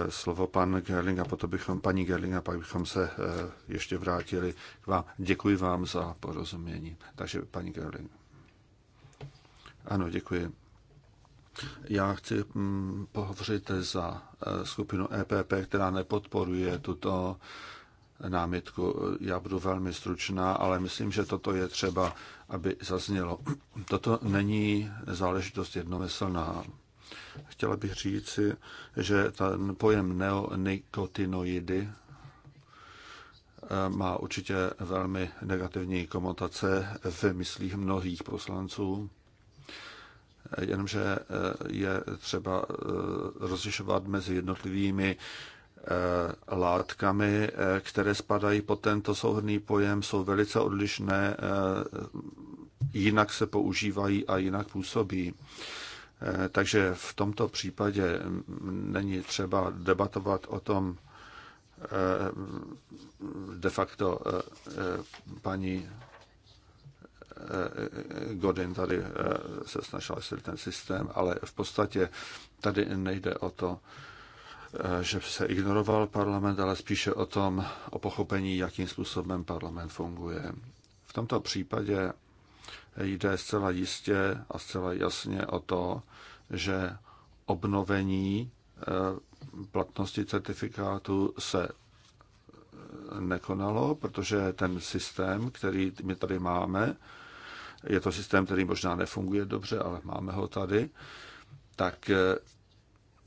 slovo pan Gerling a potom bychom, paní Gerling a pak bychom se ještě vrátili k vám. Děkuji vám za porozumění. Takže paní Gerling. Ano, děkuji. Já chci hm, pohovořit za skupinu EPP, která nepodporuje tuto námitku. Já budu velmi stručná, ale myslím, že toto je třeba, aby zaznělo. Toto není záležitost jednomyslná. Chtěla bych říci, že ten pojem neonikotinoidy eh, má určitě velmi negativní komotace v myslích mnohých poslanců jenomže eh, je třeba eh, rozlišovat mezi jednotlivými Eh, látkami, eh, které spadají pod tento souhrný pojem, jsou velice odlišné, eh, jinak se používají a jinak působí. Takže v tomto případě není třeba debatovat o tom, de facto paní Godin tady se snažila vysvětlit ten systém, ale v podstatě tady nejde o to, Eh, že se ignoroval parlament, ale spíše o tom, o pochopení, jakým způsobem parlament funguje. V tomto případě jde zcela jistě a zcela jasně o to, že obnovení eh, platnosti certifikátu se eh, nekonalo, protože ten systém, který my tady máme, je to systém, který možná nefunguje dobře, ale máme ho tady, tak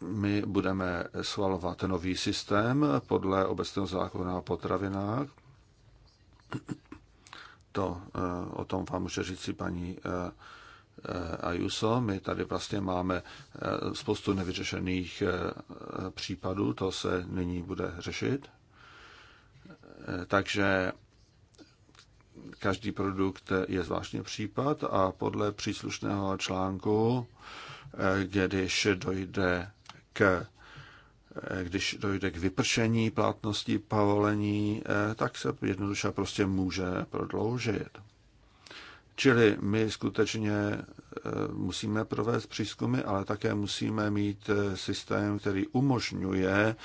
my budeme schvalovat nový systém podle obecného zákona o potravinách. To eh, o tom vám může říct si paní eh, eh, Ayuso. My tady vlastně máme spoustu nevyřešených případů, to se nyní bude řešit. Takže každý produkt je zvláštní případ a podle příslušného článku, když dojde k když dojde k vypršení platnosti povolení, eh, tak se jednoduše prostě může prodloužit. Čili my skutečně eh, musíme provést přízkumy, ale také musíme mít eh, systém, který umožňuje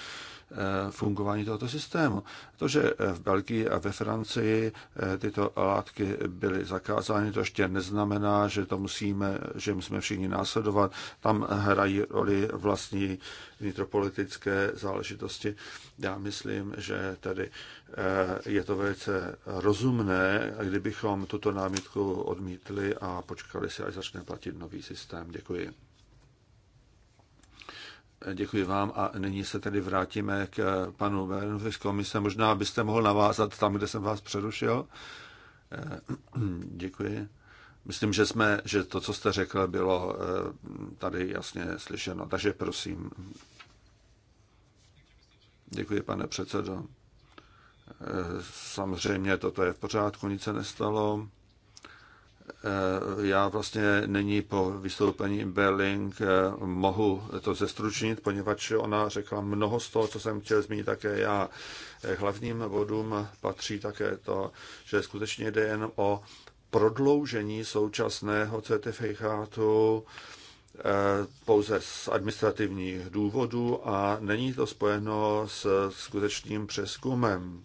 Eh, fungování tohoto systému. To, že eh, v Belgii a ve Francii eh, tyto látky byly zakázány, to ještě neznamená, že to musíme, že musíme všichni následovat. Tam hrají roli vlastní vnitropolitické záležitosti. Já myslím, že tady je to velice rozumné, kdybychom tuto námitku odmítli a počkali si, až začne platit nový systém. Děkuji. Děkuji vám a nyní se tedy vrátíme k panu Vernovi z komise. Možná byste mohl navázat tam, kde jsem vás přerušil. Eh, *clears throat* děkuji. Myslím, že, jsme, že to, co jste řekl, bylo eh, tady jasně slyšeno. Takže prosím. Děkuji, pane předsedo. Eh, samozřejmě toto je v pořádku, nic se nestalo. Eh, já vlastně není po vystoupení Berling eh, mohu to zestručnit, poněvadž ona řekla mnoho z toho, co jsem chtěl zmínit také já. Eh, hlavním bodům patří také to, že skutečně jde jen o prodloužení současného certifikátu pouze z administrativních důvodů a není to spojeno s skutečným přeskumem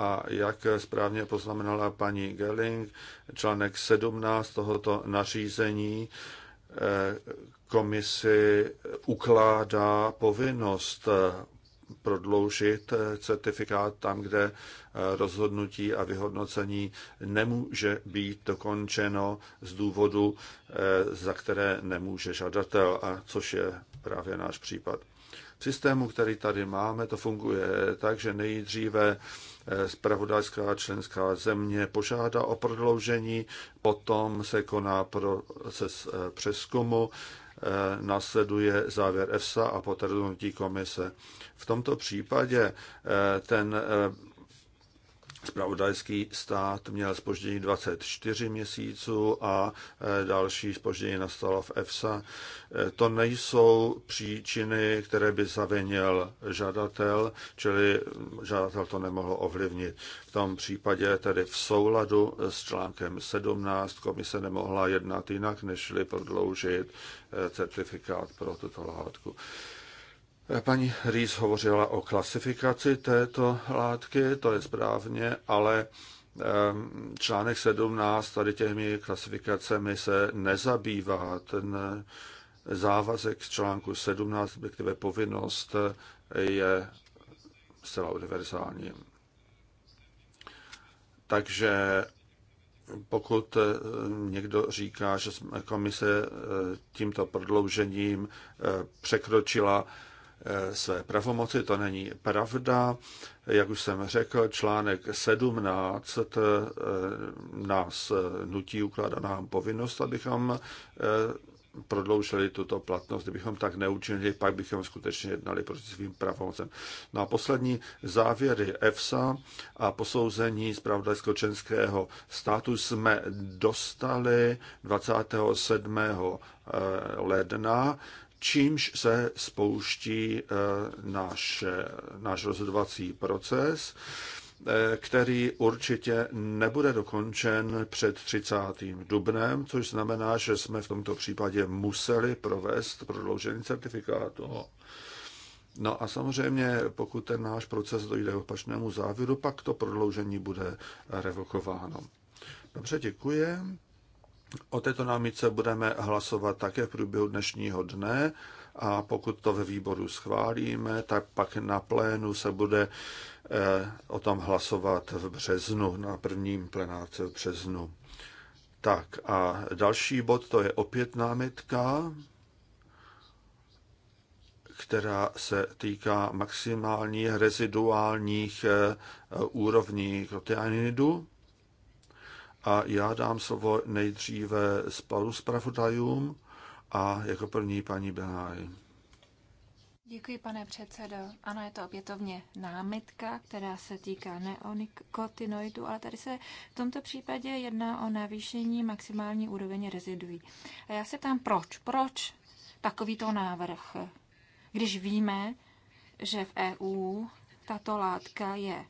a jak správně poznamenala paní Gelling, článek 17 tohoto nařízení eh, komisi ukládá povinnost prodloužit eh, certifikát tam, kde eh, rozhodnutí a vyhodnocení nemůže být dokončeno z důvodu, za které nemůže žadatel, a což je právě náš případ systému, který tady máme, to funguje tak, že nejdříve spravodajská eh, členská země požádá o prodloužení, potom se koná proces eh, přeskumu, eh, následuje závěr EFSA a poté rozhodnutí komise. V tomto případě ten Spravodajský stát měl spoždění 24 měsíců a e, další spoždění nastalo v EFSA. E, to nejsou příčiny, které by zavinil žadatel, čili mm, žadatel to nemohl ovlivnit. V tom případě tedy v souladu s článkem 17 komise nemohla jednat jinak, než prodloužit e, certifikát pro tuto látku. Paní Rýs hovořila o klasifikaci této látky, to je správně, ale ehm, článek 17 tady těmi klasifikacemi se nezabývá. Ten závazek z článku 17, respektive povinnost, je zcela univerzální. Takže pokud ehm, někdo říká, že komise ehm, tímto prodloužením překročila Eh, své pravomoci, to není pravda. Jak už jsem řekl, článek 17 eh, nás eh, nutí, ukládá nám povinnost, abychom prodloužili tuto platnost. Kdybychom tak neučinili, pak bychom skutečně jednali proti svým pravomocem. No a poslední závěry EFSA a posouzení z pravdajskočenského státu jsme dostali 27. ledna čímž se spouští e, náš, e, náš rozhodovací proces, e, který určitě nebude dokončen před 30. dubnem, což znamená, že jsme v tomto případě museli provést prodloužení certifikátu. No a samozřejmě, pokud ten náš proces dojde k opačnému závěru, pak to prodloužení bude revokováno. Dobře, děkuji. O této námice budeme hlasovat také v průběhu dnešního dne a pokud to ve výboru schválíme, tak pak na plénu se bude eh, o tom hlasovat v březnu, na prvním plenáce v březnu. Tak a další bod to je opět námitka, která se týká maximálních reziduálních eh, úrovní proteinidu a já dám slovo nejdříve spolu s a jako první paní Benáj. Děkuji, pane předsedo. Ano, je to opětovně námitka, která se týká neonikotinoidů, ale tady se v tomto případě jedná o navýšení maximální úroveň reziduí. A já se tam proč? Proč takovýto návrh, když víme, že v EU tato látka je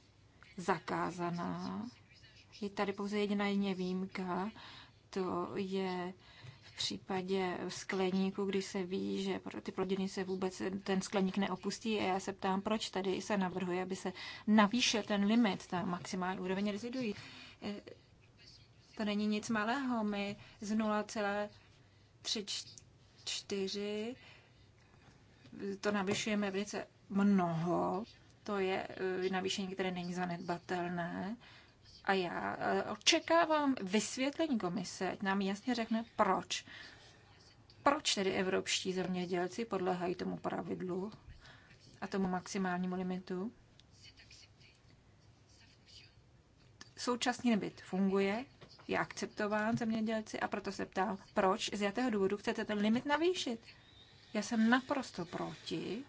zakázaná je tady pouze jediná jedině výjimka, to je v případě skleníku, kdy se ví, že pro ty plodiny se vůbec ten skleník neopustí a já se ptám, proč tady se navrhuje, aby se navýšil ten limit, ta maximální úroveň rezidují. Eh, to není nic malého, my z 0,34 to navyšujeme velice mnoho, to je eh, navýšení, které není zanedbatelné. A já eh, očekávám vysvětlení komise, ať nám jasně řekne, proč. Proč tedy evropští zemědělci podléhají tomu pravidlu a tomu maximálnímu limitu? Současný nebyt funguje, je akceptován zemědělci a proto se ptám, proč, z jakého důvodu chcete ten limit navýšit? Já jsem naprosto proti,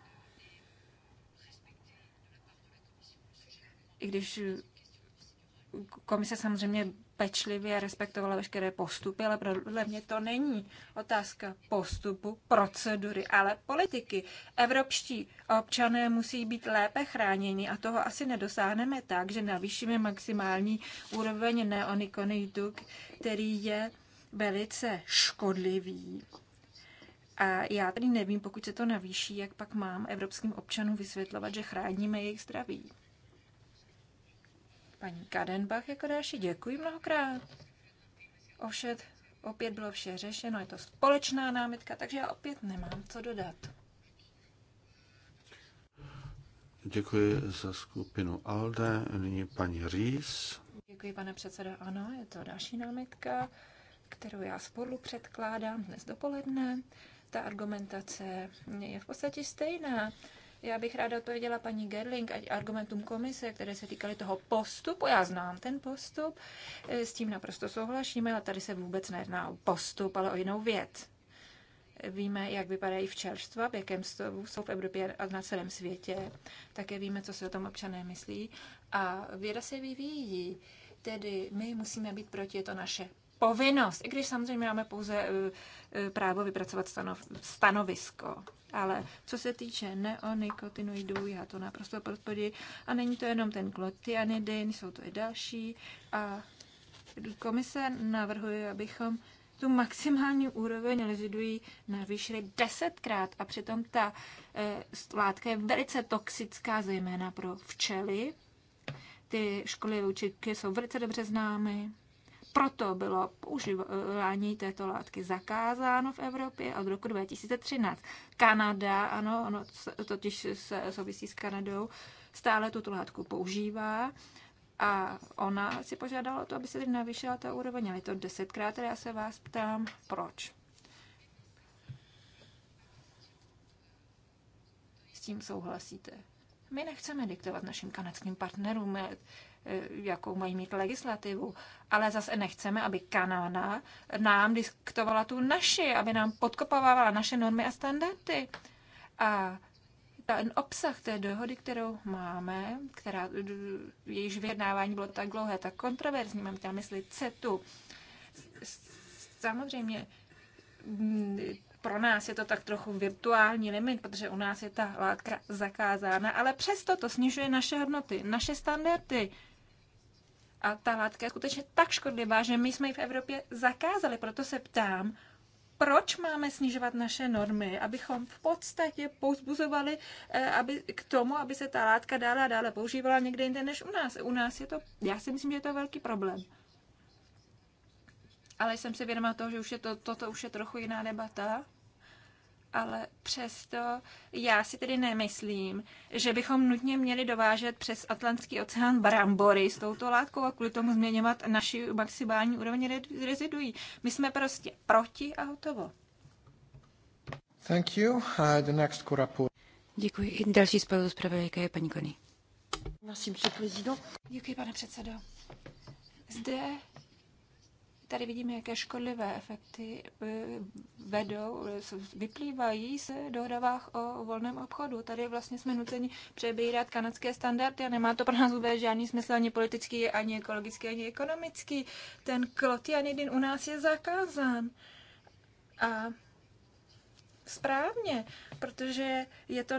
i když komise samozřejmě pečlivě respektovala veškeré postupy, ale podle mě to není otázka postupu, procedury, ale politiky. Evropští občané musí být lépe chráněni a toho asi nedosáhneme tak, že navýšíme maximální úroveň neonikonitu, který je velice škodlivý. A já tady nevím, pokud se to navýší, jak pak mám evropským občanům vysvětlovat, že chráníme jejich zdraví. Paní Kadenbach jako další děkuji mnohokrát. Ovšet, opět bylo vše řešeno, je to společná námitka, takže já opět nemám co dodat. Děkuji za skupinu ALDE, nyní paní Rýs. Děkuji, pane předsedo. Ano, je to další námitka, kterou já spolu předkládám dnes dopoledne. Ta argumentace je v podstatě stejná. Já bych ráda odpověděla paní Gerling a argumentům komise, které se týkaly toho postupu. Já znám ten postup, e, s tím naprosto souhlasíme, ale tady se vůbec nejedná o postup, ale o jinou věc. Víme, jak vypadají včelstva, v jakém stavu jsou v Evropě a na celém světě. Také víme, co si o tom občané myslí. A věda se vyvíjí. Tedy my musíme být proti, je to naše povinnost. I když samozřejmě máme pouze e, e, právo vypracovat stanov, stanovisko. Ale co se týče neonikotinoidů, já to naprosto podporuji. A není to jenom ten klotianidin, jsou to i další. A komise navrhuje, abychom tu maximální úroveň reziduí navýšili desetkrát a přitom ta e, látka je velice toxická, zejména pro včely. Ty školy učitky jsou velice dobře známy proto bylo používání této látky zakázáno v Evropě od roku 2013. Kanada, ano, ono totiž se souvisí s Kanadou, stále tuto látku používá. A ona si požádala o to, aby se tedy navýšila ta úroveň, ale to desetkrát, já se vás ptám, proč. S tím souhlasíte? My nechceme diktovat našim kanadským partnerům Eh, jakou mají mít legislativu. Ale zase nechceme, aby Kanada nám diskutovala tu naši, aby nám podkopávala naše normy a standardy. A ten obsah té dohody, kterou máme, která, jejíž vyjednávání bylo tak dlouhé, tak kontroverzní, mám tam mysli CETu, samozřejmě mm, pro nás je to tak trochu virtuální limit, protože u nás je ta látka zakázána, ale přesto to snižuje naše hodnoty, naše standardy. A ta látka je skutečně tak škodlivá, že my jsme ji v Evropě zakázali. Proto se ptám, proč máme snižovat naše normy, abychom v podstatě pouzbuzovali eh, aby, k tomu, aby se ta látka dále a dále používala někde jinde než u nás. U nás je to, já si myslím, že je to velký problém. Ale jsem si vědoma toho, že už je to, toto už je trochu jiná debata ale přesto já si tedy nemyslím, že bychom nutně měli dovážet přes Atlantský oceán brambory s touto látkou a kvůli tomu změňovat naši maximální úroveň rezidují. My jsme prostě proti a hotovo. Thank you. Uh, the next Děkuji. I další zpravodajka je paní Kony. Děkuji, pane předsedo. Zde tady vidíme, jaké škodlivé efekty eh, vedou, vyplývají se dohodách o volném obchodu. Tady vlastně jsme nuceni přebírat kanadské standardy a nemá to pro nás vůbec žádný smysl ani politický, ani ekologický, ani ekonomický. Ten klotianidin u nás je zakázán. A správně, protože je to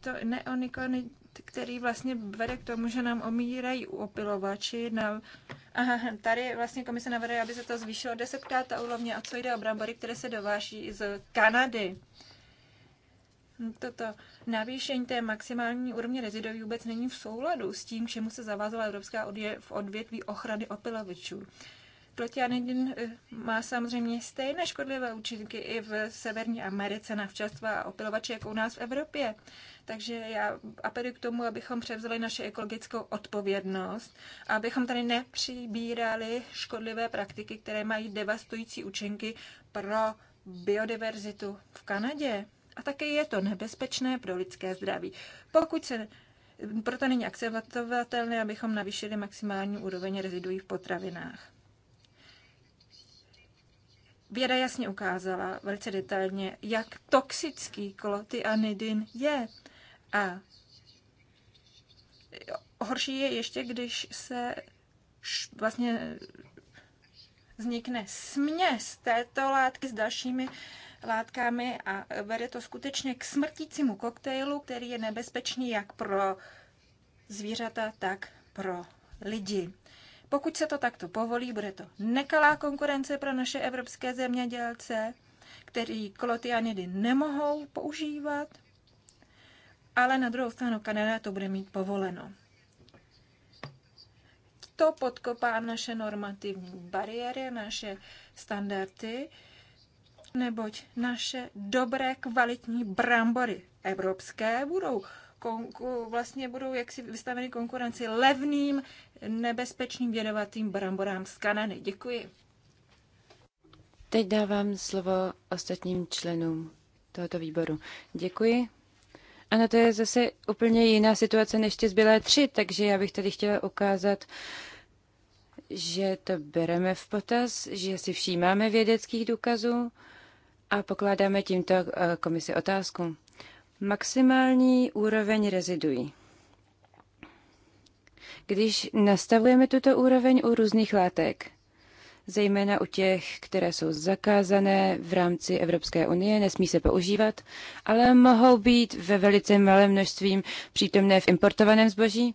to neonikonit, který vlastně vede k tomu, že nám omírají opilovači. Na... Aha, tady vlastně komise navrhuje, aby se to zvýšilo desetkrát ta úlovně. A co jde o brambory, které se dováží z Kanady? Toto navýšení té maximální úrovně rezidový vůbec není v souladu s tím, čemu se zavázala Evropská odje v odvětví ochrany opilovičů. Klotianidin eh, má samozřejmě stejné škodlivé účinky i v Severní Americe na včelstva a opilovače, jako u nás v Evropě. Takže já apeluji k tomu, abychom převzali naši ekologickou odpovědnost a abychom tady nepřibírali škodlivé praktiky, které mají devastující účinky pro biodiverzitu v Kanadě. A také je to nebezpečné pro lidské zdraví. Pokud se proto není akceptovatelné, abychom navýšili maximální úroveň reziduí v potravinách. Věda jasně ukázala velice detailně, jak toxický klotianidin je. A horší je ještě, když se vlastně vznikne směs této látky s dalšími látkami a vede to skutečně k smrtícímu koktejlu, který je nebezpečný jak pro zvířata, tak pro lidi. Pokud se to takto povolí, bude to nekalá konkurence pro naše evropské zemědělce, který klotianidy nemohou používat, ale na druhou stranu Kanada to bude mít povoleno. To podkopá naše normativní bariéry, naše standardy, neboť naše dobré kvalitní brambory evropské budou konku, vlastně budou jaksi vystaveny konkurenci levným, nebezpečným jedovatým bramborám z Kanady. Děkuji. Teď dávám slovo ostatním členům tohoto výboru. Děkuji. Ano, to je zase úplně jiná situace než ty zbylé tři, takže já bych tady chtěla ukázat, že to bereme v potaz, že si všímáme vědeckých důkazů a pokládáme tímto eh, komisi otázku maximální úroveň rezidují. Když nastavujeme tuto úroveň u různých látek, zejména u těch, které jsou zakázané v rámci Evropské unie, nesmí se používat, ale mohou být ve velice malém množství přítomné v importovaném zboží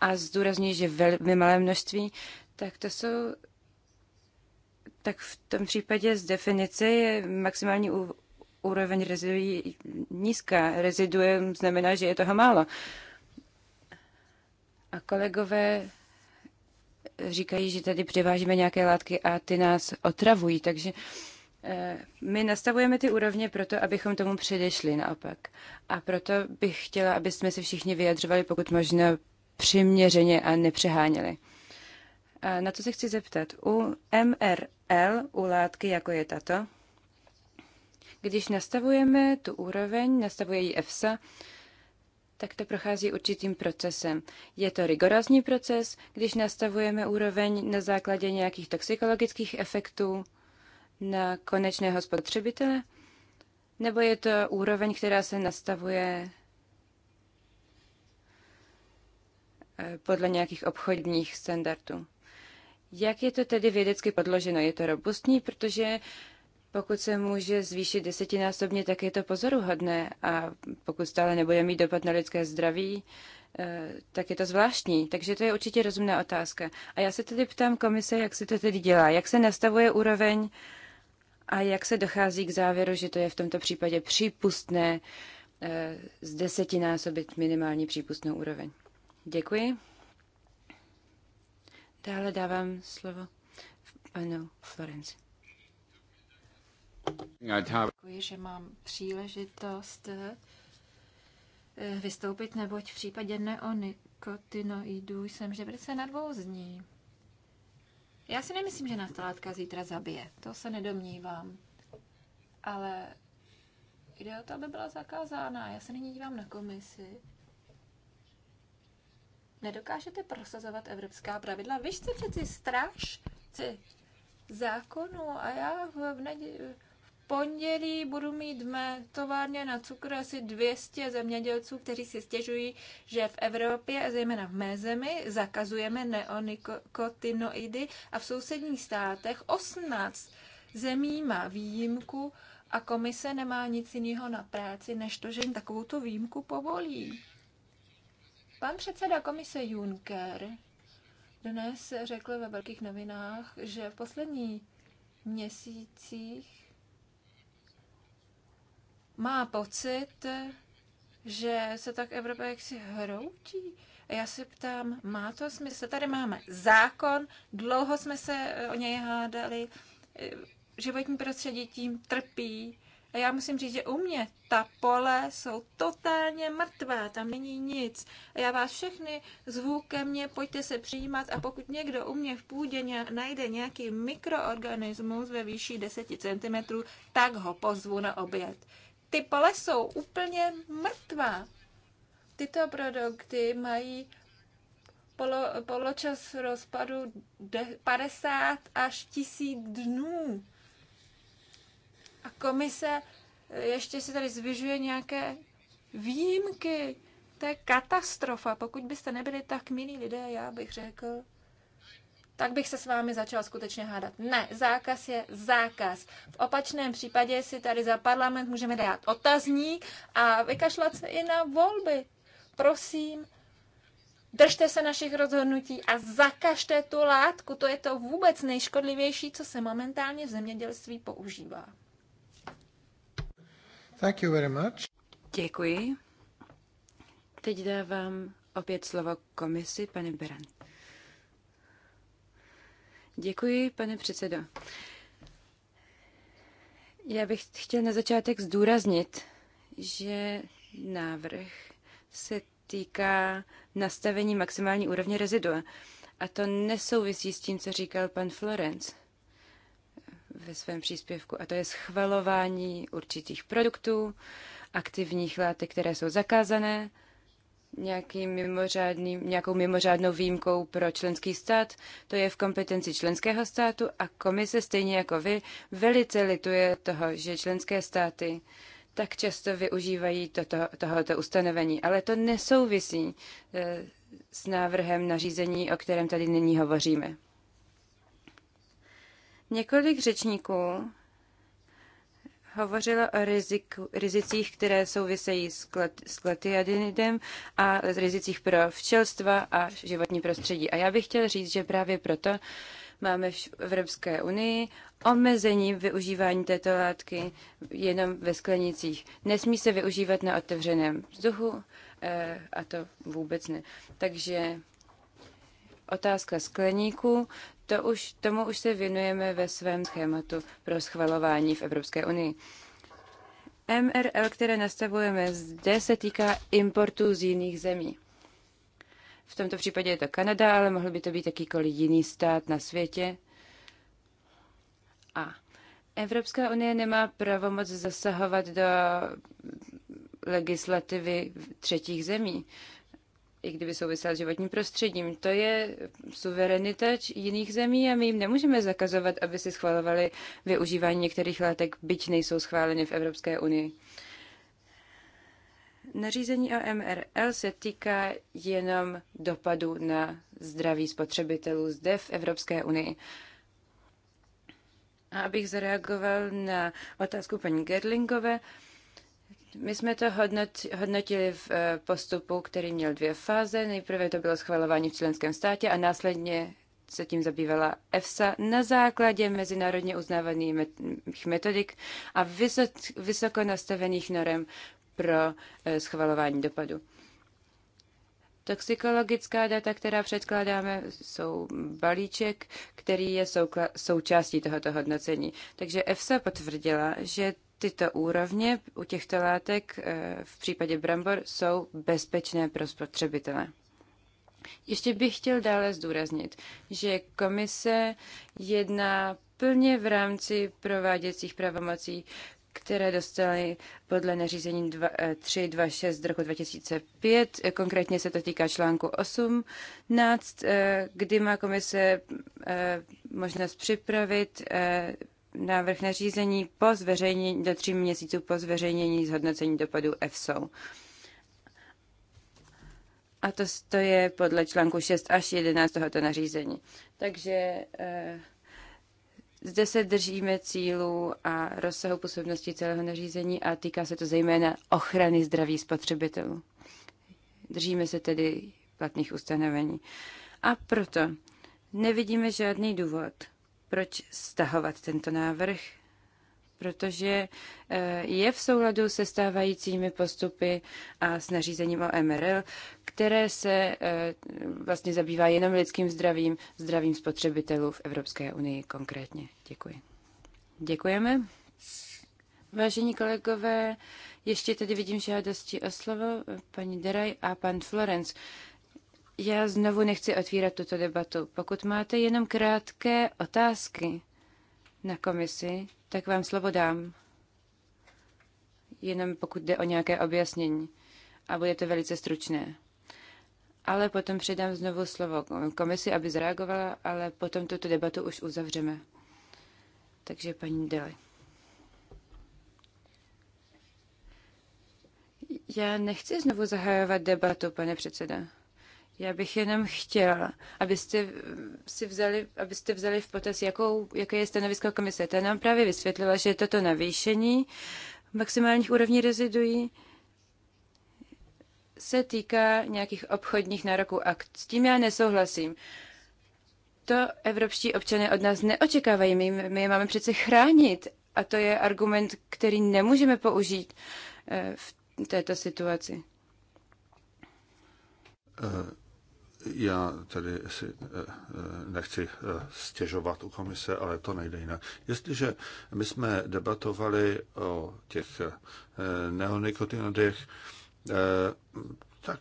a zdůrazní, že velmi malém množství, tak to jsou tak v tom případě z definice je maximální úroveň rezidují nízká. Reziduje znamená, že je toho málo. A kolegové říkají, že tady převážíme nějaké látky a ty nás otravují, takže eh, my nastavujeme ty úrovně proto, abychom tomu předešli naopak. A proto bych chtěla, aby jsme se všichni vyjadřovali pokud možno přiměřeně a nepřeháněli. A na to se chci zeptat. U MRL, u látky jako je tato, když nastavujeme tu úroveň, nastavuje ji EFSA, tak to prochází určitým procesem. Je to rigorózní proces, když nastavujeme úroveň na základě nějakých toxikologických efektů na konečného spotřebitele, nebo je to úroveň, která se nastavuje eh, podle nějakých obchodních standardů. Jak je to tedy vědecky podloženo? Je to robustní, protože pokud se může zvýšit desetinásobně, tak je to pozoruhodné a pokud stále nebude mít dopad na lidské zdraví, eh, tak je to zvláštní. Takže to je určitě rozumná otázka. A já se tedy ptám komise, jak se to tedy dělá, jak se nastavuje úroveň a jak se dochází k závěru, že to je v tomto případě přípustné eh, z desetinásobit minimální přípustnou úroveň. Děkuji. Dále dávám slovo panu Florenci. Děkuji, že mám příležitost eh, vystoupit, neboť v případě neonikotinoidů jsem žebrice na dvou zní. Já si nemyslím, že nás ta látka zítra zabije. To se nedomnívám. Ale jde o to, aby byla zakázána. Já se nyní dívám na komisi. Nedokážete prosazovat evropská pravidla. Vy jste přeci strážci zákonu a já v, neděli, pondělí budu mít v mé továrně na cukr asi 200 zemědělců, kteří si stěžují, že v Evropě a zejména v mé zemi zakazujeme neonikotinoidy a v sousedních státech 18 zemí má výjimku a komise nemá nic jiného na práci, než to, že jim takovou tu výjimku povolí. Pan předseda komise Juncker dnes řekl ve velkých novinách, že v posledních měsících má pocit, že se tak Evropa jaksi hroutí. A já se ptám, má to smysl? Tady máme zákon, dlouho jsme se eh, o něj hádali, eh, životní prostředí tím trpí. A já musím říct, že u mě ta pole jsou totálně mrtvá, tam není nic. A já vás všechny zvu ke mně, pojďte se přijímat a pokud někdo u mě v půdě najde nějaký mikroorganismus ve výši 10 cm, tak ho pozvu na oběd ty pole jsou úplně mrtvá. Tyto produkty mají polo, poločas rozpadu 50 až 1000 dnů. A komise eh, ještě si tady zvyžuje nějaké výjimky. To je katastrofa. Pokud byste nebyli tak milí lidé, já bych řekl, tak bych se s vámi začal skutečně hádat. Ne, zákaz je zákaz. V opačném případě si tady za parlament můžeme dát otazník a vykašlat se i na volby. Prosím, držte se našich rozhodnutí a zakažte tu látku. To je to vůbec nejškodlivější, co se momentálně v zemědělství používá. Thank you very much. Děkuji. Teď dávám opět slovo komisi, pane Berant. Děkuji, pane předsedo. Já bych chtěl na začátek zdůraznit, že návrh se týká nastavení maximální úrovně rezidua. A to nesouvisí s tím, co říkal pan Florence ve svém příspěvku. A to je schvalování určitých produktů, aktivních látek, které jsou zakázané, nějakým mimořádným, nějakou mimořádnou výjimkou pro členský stát. To je v kompetenci členského státu a komise stejně jako vy velice lituje toho, že členské státy tak často využívají toto, tohoto ustanovení. Ale to nesouvisí eh, s návrhem nařízení, o kterém tady nyní hovoříme. Několik řečníků hovořila o riziku, rizicích, které souvisejí s, klet, s kletiadinidem a rizicích pro včelstva a životní prostředí. A já bych chtěl říct, že právě proto máme v Evropské unii omezení využívání této látky jenom ve sklenicích. Nesmí se využívat na otevřeném vzduchu eh, a to vůbec ne. Takže otázka skleníku to už, tomu už se věnujeme ve svém schématu pro schvalování v Evropské unii. MRL, které nastavujeme zde, se týká importů z jiných zemí. V tomto případě je to Kanada, ale mohl by to být jakýkoliv jiný stát na světě. A Evropská unie nemá pravomoc zasahovat do legislativy třetích zemí i kdyby souvisel s životním prostředím. To je suverenita jiných zemí a my jim nemůžeme zakazovat, aby si schvalovali využívání některých látek, byť nejsou schváleny v Evropské unii. Nařízení o MRL se týká jenom dopadu na zdraví spotřebitelů zde v Evropské unii. A abych zareagoval na otázku paní Gerlingové, my jsme to hodnotili v eh, postupu, který měl dvě fáze. Nejprve to bylo schvalování v členském státě a následně se tím zabývala EFSA na základě mezinárodně uznávaných metodik a vysoko nastavených norem pro eh, schvalování dopadu. Toxikologická data, která předkládáme, jsou balíček, který je součástí tohoto hodnocení. Takže EFSA potvrdila, že Tyto úrovně u těchto látek eh, v případě brambor jsou bezpečné pro spotřebitele. Ještě bych chtěl dále zdůraznit, že komise jedná plně v rámci prováděcích pravomocí, které dostaly podle nařízení 326 eh, z roku 2005. Konkrétně se to týká článku 18, eh, kdy má komise možnost připravit návrh nařízení po zveřejnění, do tří měsíců po zveřejnění zhodnocení dopadů EFSO. A to, to je podle článku 6 až 11 tohoto nařízení. Takže eh, zde se držíme cílů a rozsahu působnosti celého nařízení a týká se to zejména ochrany zdraví spotřebitelů. Držíme se tedy platných ustanovení. A proto nevidíme žádný důvod, proč stahovat tento návrh, protože eh, je v souladu se stávajícími postupy a s nařízením o MRL, které se eh, vlastně zabývá jenom lidským zdravím, zdravím spotřebitelů v Evropské unii konkrétně. Děkuji. Děkujeme. Vážení kolegové, ještě tady vidím žádosti o slovo eh, paní Deraj a pan Florence. Já znovu nechci otvírat tuto debatu. Pokud máte jenom krátké otázky na komisi, tak vám slovo dám. Jenom pokud jde o nějaké objasnění. A bude to velice stručné. Ale potom předám znovu slovo komisi, aby zareagovala, ale potom tuto debatu už uzavřeme. Takže paní Deli. Já nechci znovu zahajovat debatu, pane předseda. Já bych jenom chtěla, abyste si vzali, abyste vzali v potaz, jakou, jaké je stanovisko komise. Ta nám právě vysvětlila, že toto navýšení maximálních úrovní rezidují se týká nějakých obchodních nároků akt. S tím já nesouhlasím. To evropští občané od nás neočekávají. My, my je máme přece chránit. A to je argument, který nemůžeme použít eh, v této situaci. Eh, já tedy si eh, eh, nechci eh, stěžovat u komise, ale to nejde jinak. Jestliže my jsme debatovali o těch neonikotinodech, tak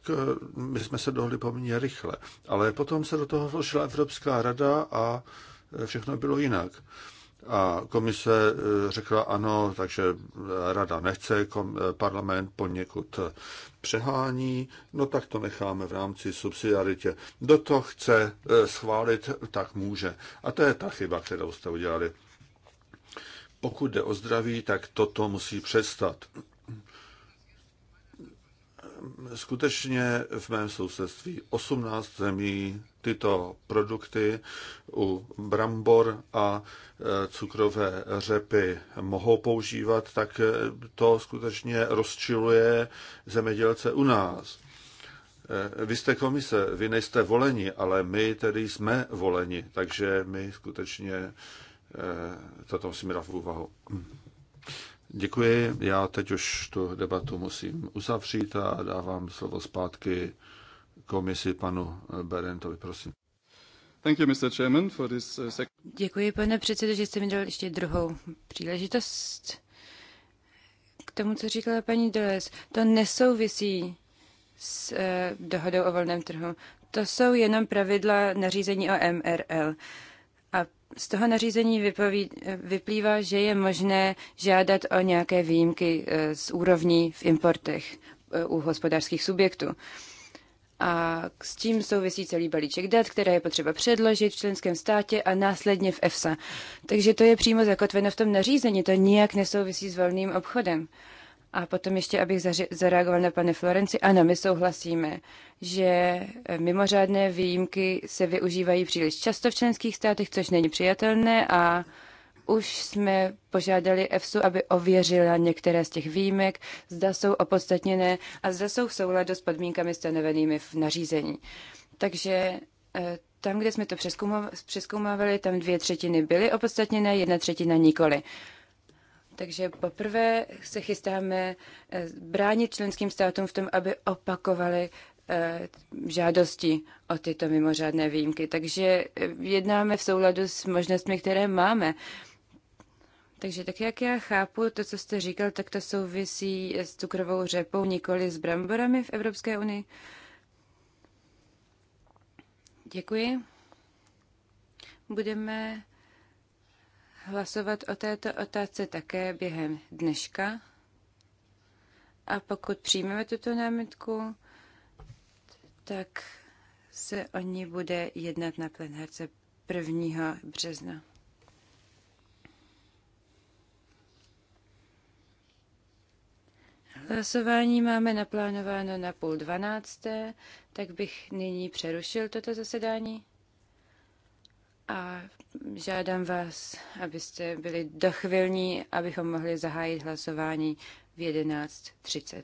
my jsme se dohli poměrně rychle. Ale potom se do toho vložila Evropská rada a všechno bylo jinak. A komise eh, řekla ano, takže eh, rada nechce, eh, parlament poněkud přehání, no tak to necháme v rámci subsidiaritě. Kdo to chce schválit, tak může. A to je ta chyba, kterou jste udělali. Pokud jde o zdraví, tak toto musí přestat skutečně v mém sousedství 18 zemí tyto produkty u brambor a e, cukrové řepy mohou používat, tak e, to skutečně rozčiluje zemědělce u nás. E, vy jste komise, vy nejste voleni, ale my tedy jsme voleni, takže my skutečně toto musíme dát v úvahu. Děkuji. Já teď už tu debatu musím uzavřít a dávám slovo zpátky komisi panu Berentovi. Prosím. Thank you, Mr. Chairman, for this uh, Děkuji, pane předsedo, že jste mi dal ještě druhou příležitost. K tomu, co říkala paní Doles, to nesouvisí s eh, dohodou o volném trhu. To jsou jenom pravidla nařízení o MRL z toho nařízení vypoví, vyplývá, že je možné žádat o nějaké výjimky eh, z úrovní v importech eh, u hospodářských subjektů. A s tím souvisí celý balíček dat, které je potřeba předložit v členském státě a následně v EFSA. Takže to je přímo zakotveno v tom nařízení, to nijak nesouvisí s volným obchodem. A potom ještě, abych zareagoval na pane Florenci, ano, my souhlasíme, že eh, mimořádné výjimky se využívají příliš často v členských státech, což není přijatelné a už jsme požádali EFSU, aby ověřila některé z těch výjimek, zda jsou opodstatněné a zda jsou v souladu s podmínkami stanovenými v nařízení. Takže eh, tam, kde jsme to přeskoumávali, tam dvě třetiny byly opodstatněné, jedna třetina nikoli. Takže poprvé se chystáme eh, bránit členským státům v tom, aby opakovali eh, žádosti o tyto mimořádné výjimky. Takže eh, jednáme v souladu s možnostmi, které máme. Takže tak, jak já chápu to, co jste říkal, tak to souvisí s cukrovou řepou, nikoli s bramborami v Evropské unii. Děkuji. Budeme hlasovat o této otázce také během dneška. A pokud přijmeme tuto námitku, tak se o ní bude jednat na plenárce 1. března. Hlasování máme naplánováno na půl dvanácté, tak bych nyní přerušil toto zasedání. A žádám vás, abyste byli dochvilní, abychom mohli zahájit hlasování v 11.30.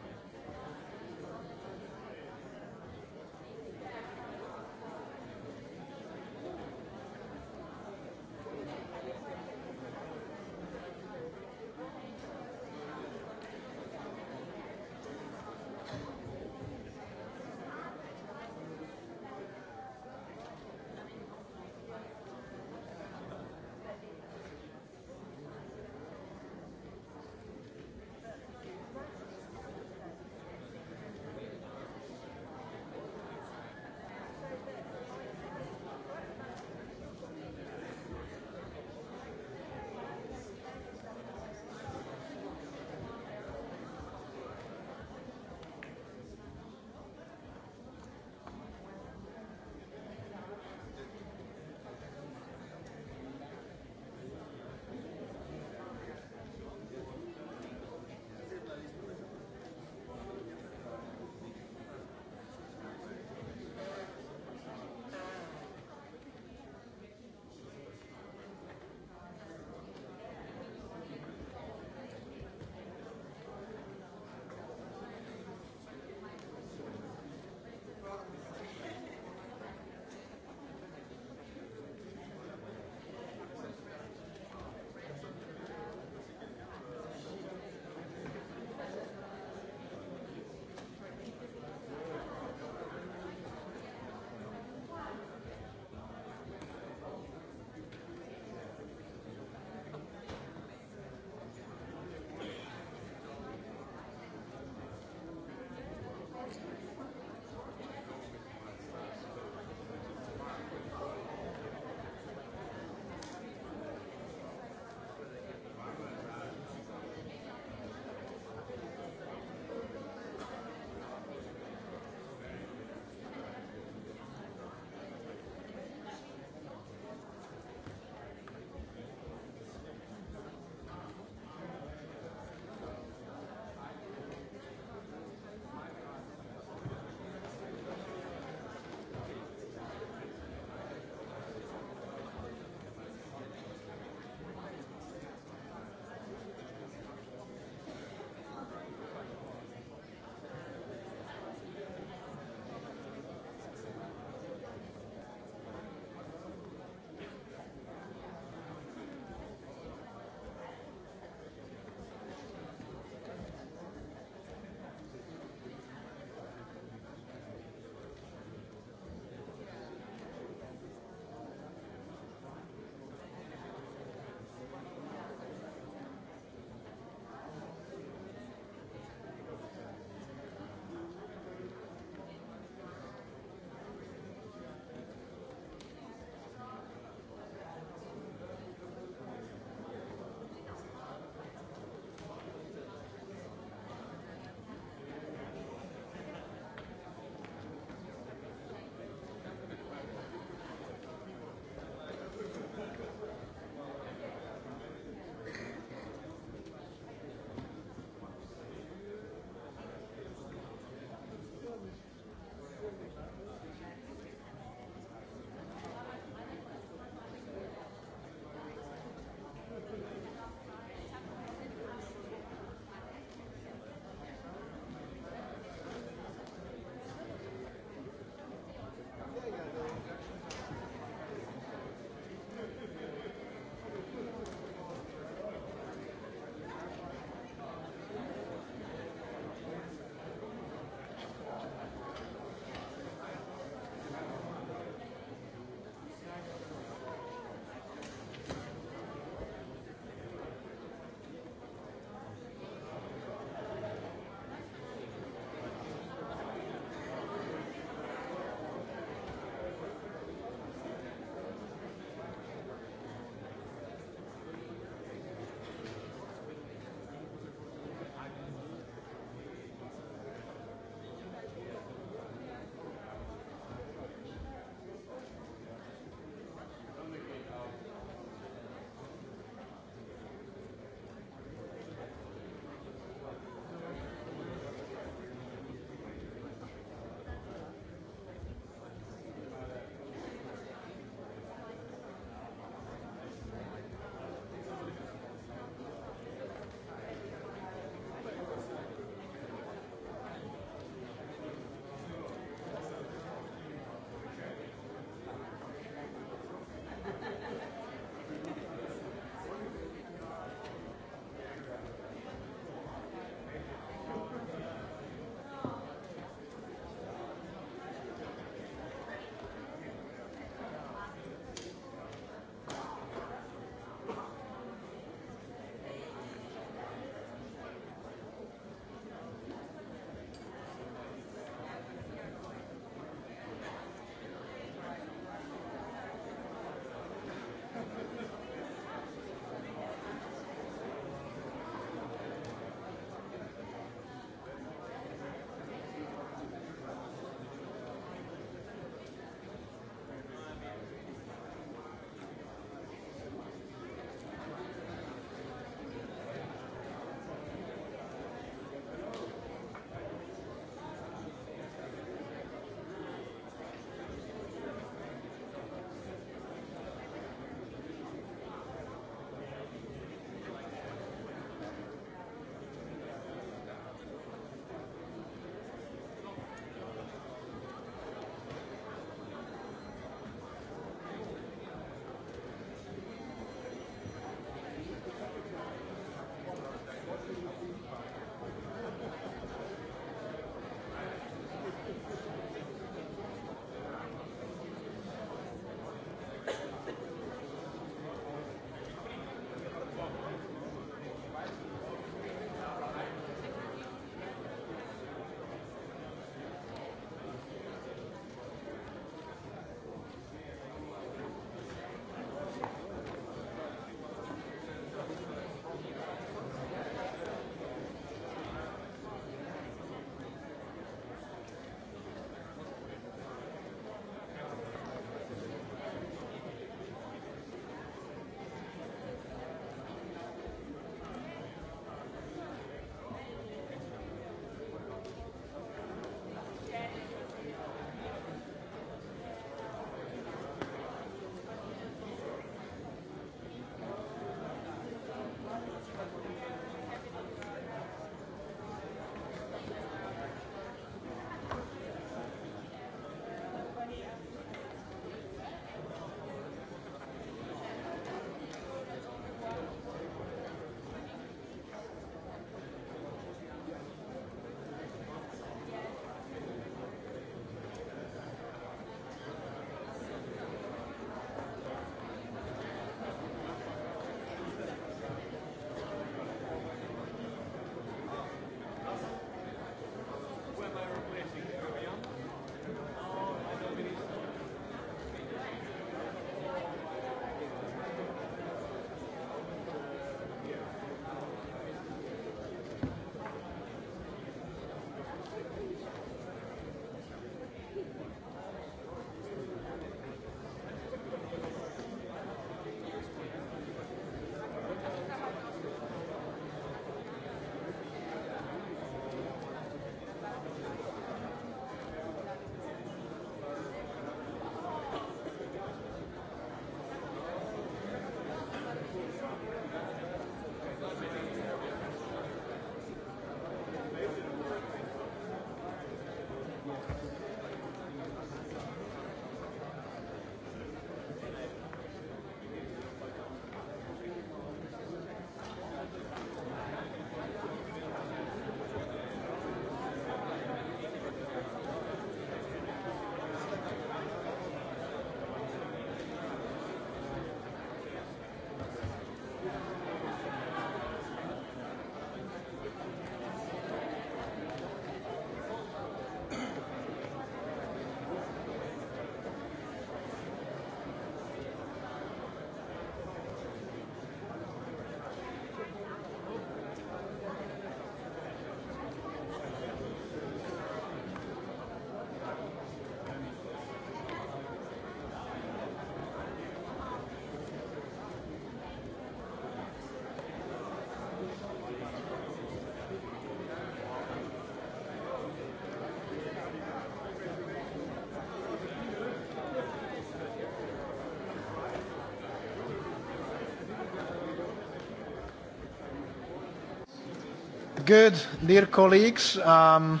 Good, dear colleagues, um,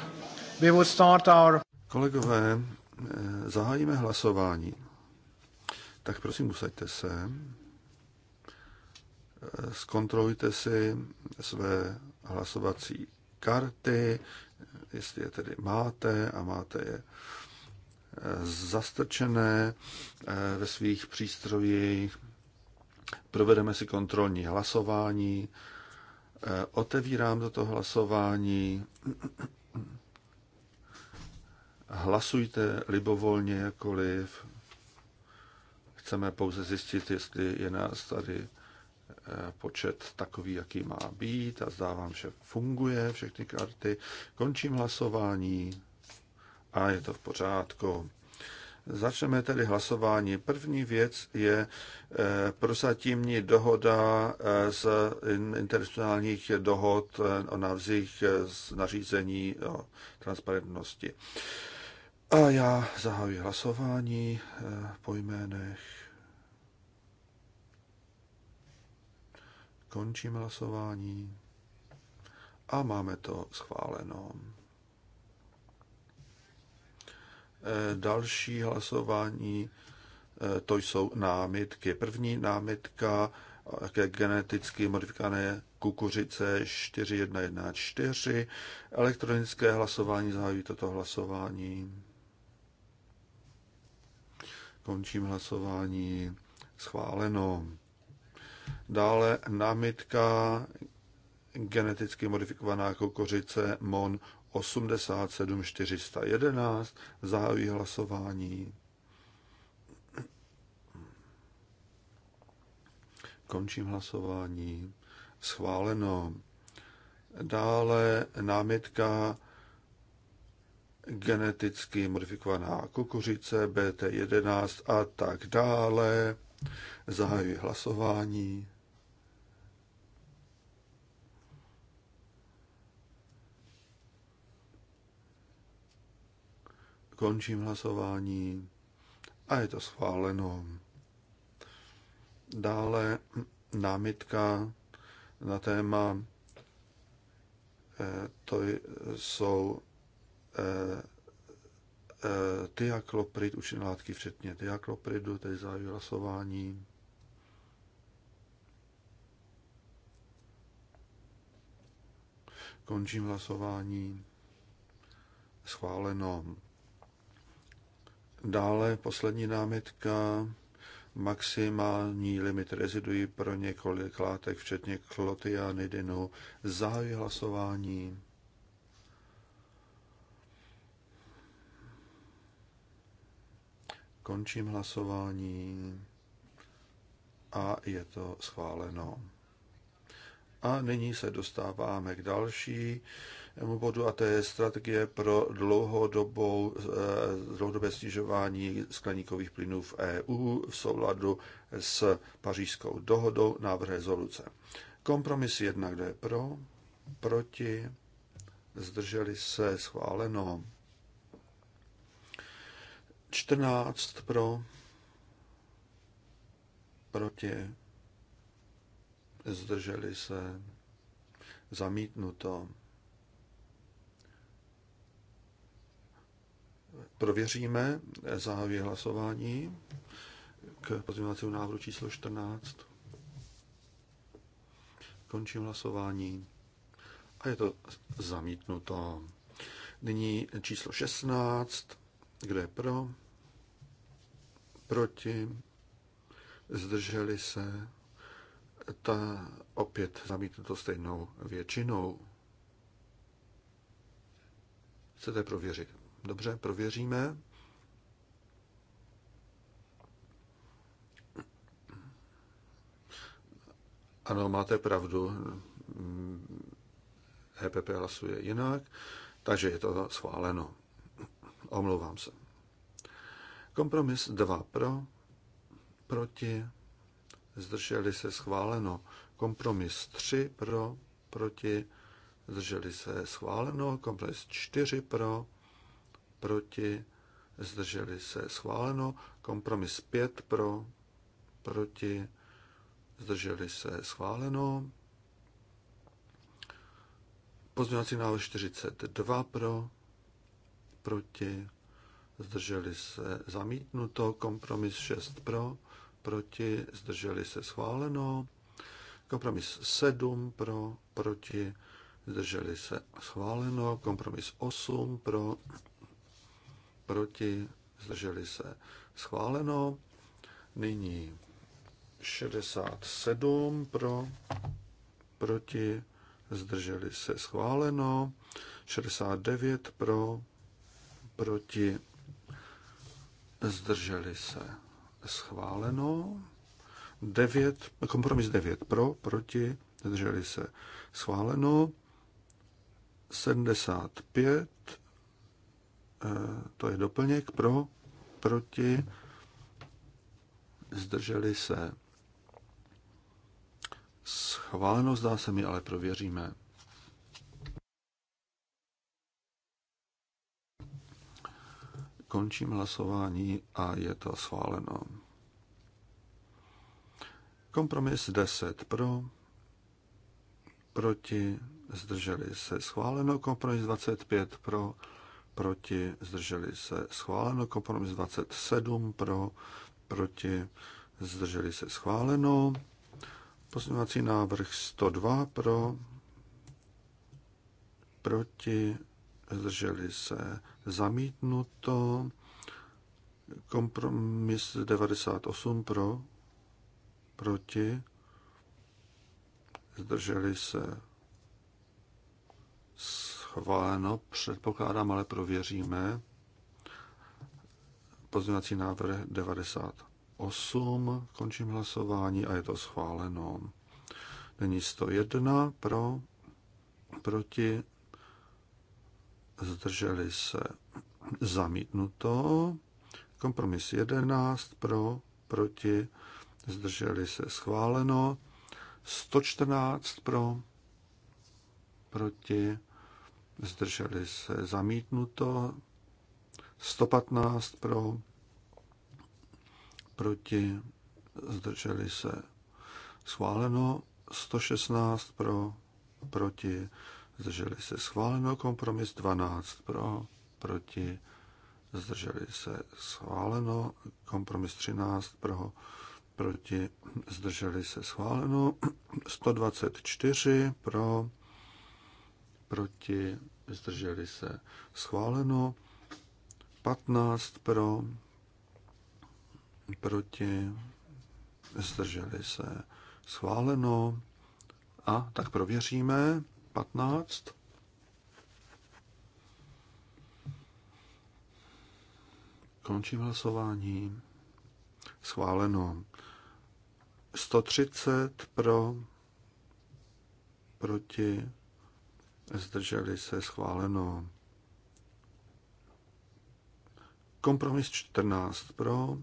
we will start our... Kolegové, eh, zahájíme hlasování. Tak prosím, usaďte se. Eh, zkontrolujte si své hlasovací karty, jestli je tedy máte a máte je eh, zastrčené ve svých přístrojích. Provedeme si kontrolní hlasování Otevírám toto hlasování. Hlasujte libovolně jakoliv. Chceme pouze zjistit, jestli je nás tady eh, počet takový, jaký má být a zdá vám, že funguje všechny karty. Končím hlasování a je to v pořádku. Začneme tedy hlasování. První věc je eh, prozatímní dohoda eh, z internacionálních dohod eh, o návzích z nařízení o transparentnosti. A já zahajuji hlasování po jménech. Končím hlasování. A máme to schváleno. Eh, další hlasování eh, to jsou námitky. První námitka eh, ke geneticky modifikované kukuřice 4114. Elektronické hlasování zahájí toto hlasování. Končím hlasování. Schváleno. Dále námitka geneticky modifikovaná kukuřice MON 87 411, zahájí hlasování. Končím hlasování. Schváleno. Dále námitka geneticky modifikovaná kukuřice, BT11 a tak dále. Zahajuji hlasování. Končím hlasování a je to schváleno. Dále námitka na téma, eh, to jsou tiakloprid, eh, eh, účinné látky včetně tiaklopridu, tedy zájí hlasování. Končím hlasování. Schváleno. Dále poslední námitka maximální limit rezidují pro několik látek, včetně klotianidinu. Zahajuji hlasování. Končím hlasování a je to schváleno. A nyní se dostáváme k další bodu, a to je strategie pro dlouhodobou, eh, dlouhodobé snižování skleníkových plynů v EU v souladu s pařížskou dohodou návrh rezoluce. Kompromis jednak jde pro, proti, zdrželi se, schváleno. 14 pro, proti, zdrželi se, zamítnuto. Prověříme, závě hlasování k pozměňovacímu návrhu číslo 14. Končím hlasování a je to zamítnuto. Nyní číslo 16. Kde je pro? Proti? Zdrželi se? Ta opět zamítnuto stejnou většinou. Chcete prověřit? Dobře, prověříme. Ano, máte pravdu. HPP e hlasuje jinak, takže je to schváleno. Omlouvám se. Kompromis 2 pro, proti, zdrželi se schváleno. Kompromis 3 pro, proti, zdrželi se schváleno. Kompromis 4 pro, proti, zdrželi se schváleno, kompromis 5 pro, proti, zdrželi se schváleno, pozměňovací návrh 42 pro, proti, zdrželi se zamítnuto, kompromis 6 pro, proti, zdrželi se schváleno, kompromis 7 pro, proti, zdrželi se schváleno, kompromis 8 pro, proti, zdrželi se schváleno. Nyní 67 pro, proti, zdrželi se schváleno. 69 pro, proti, zdrželi se schváleno. 9, kompromis 9 pro, proti, zdrželi se schváleno. 75 Eh, to je doplněk pro, proti, zdrželi se. Schváleno zdá se mi, ale prověříme. Končím hlasování a je to schváleno. Kompromis 10 pro, proti, zdrželi se. Schváleno kompromis 25 pro, proti, zdrželi se schváleno, kompromis 27 pro, proti, zdrželi se schváleno, pozměňovací návrh 102 pro, proti, zdrželi se zamítnuto, kompromis 98 pro, proti, zdrželi se schváleno, předpokládám, ale prověříme. Pozměňovací návrh 98, končím hlasování a je to schváleno. Není 101 pro, proti, zdrželi se zamítnuto. Kompromis 11 pro, proti, zdrželi se schváleno. 114 pro, proti, zdrželi se zamítnuto, 115 pro, proti, zdrželi se schváleno, 116 pro, proti, zdrželi se schváleno, kompromis 12 pro, proti, zdrželi se schváleno, kompromis 13 pro, proti, zdrželi se schváleno, 124 pro, proti, zdrželi se schváleno, 15 pro, proti, zdrželi se schváleno. A tak prověříme 15. Končím hlasování. Schváleno. 130 pro, proti, zdrželi se schváleno. Kompromis 14 pro,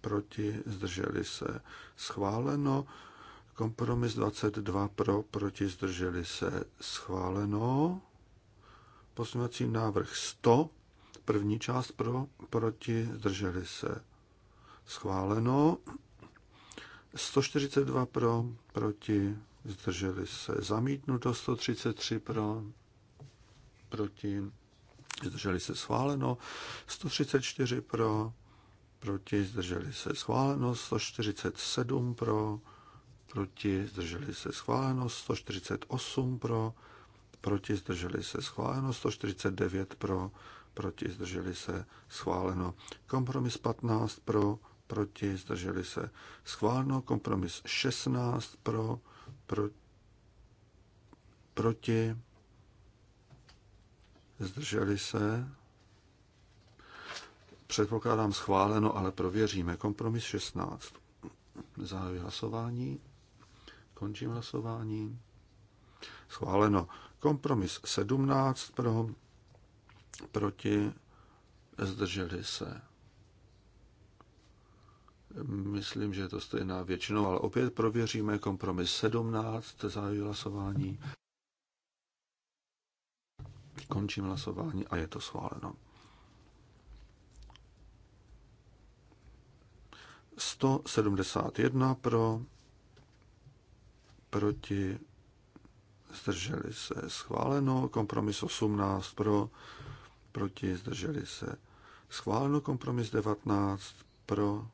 proti, zdrželi se schváleno. Kompromis 22 pro, proti, zdrželi se schváleno. Poslanecí návrh 100, první část pro, proti, zdrželi se schváleno. 142 pro, proti, zdrželi se zamítnuto 133 pro, proti, zdrželi se schváleno 134 pro, proti, zdrželi se schváleno 147 pro, proti, zdrželi se schváleno 148 pro, proti, zdrželi se schváleno 149 pro, proti, zdrželi se schváleno kompromis 15 pro, proti, zdrželi se schváleno kompromis 16 pro, pro, proti, zdrželi se, předpokládám schváleno, ale prověříme. Kompromis 16. Zahajuji hlasování, končím hlasování. Schváleno. Kompromis 17 pro, proti, zdrželi se Myslím, že je to stejná většinou, ale opět prověříme kompromis 17, zahajuji hlasování. Končím hlasování a je to schváleno. 171 pro, proti, zdrželi se schváleno, kompromis 18 pro, proti, zdrželi se schváleno, kompromis 19 pro,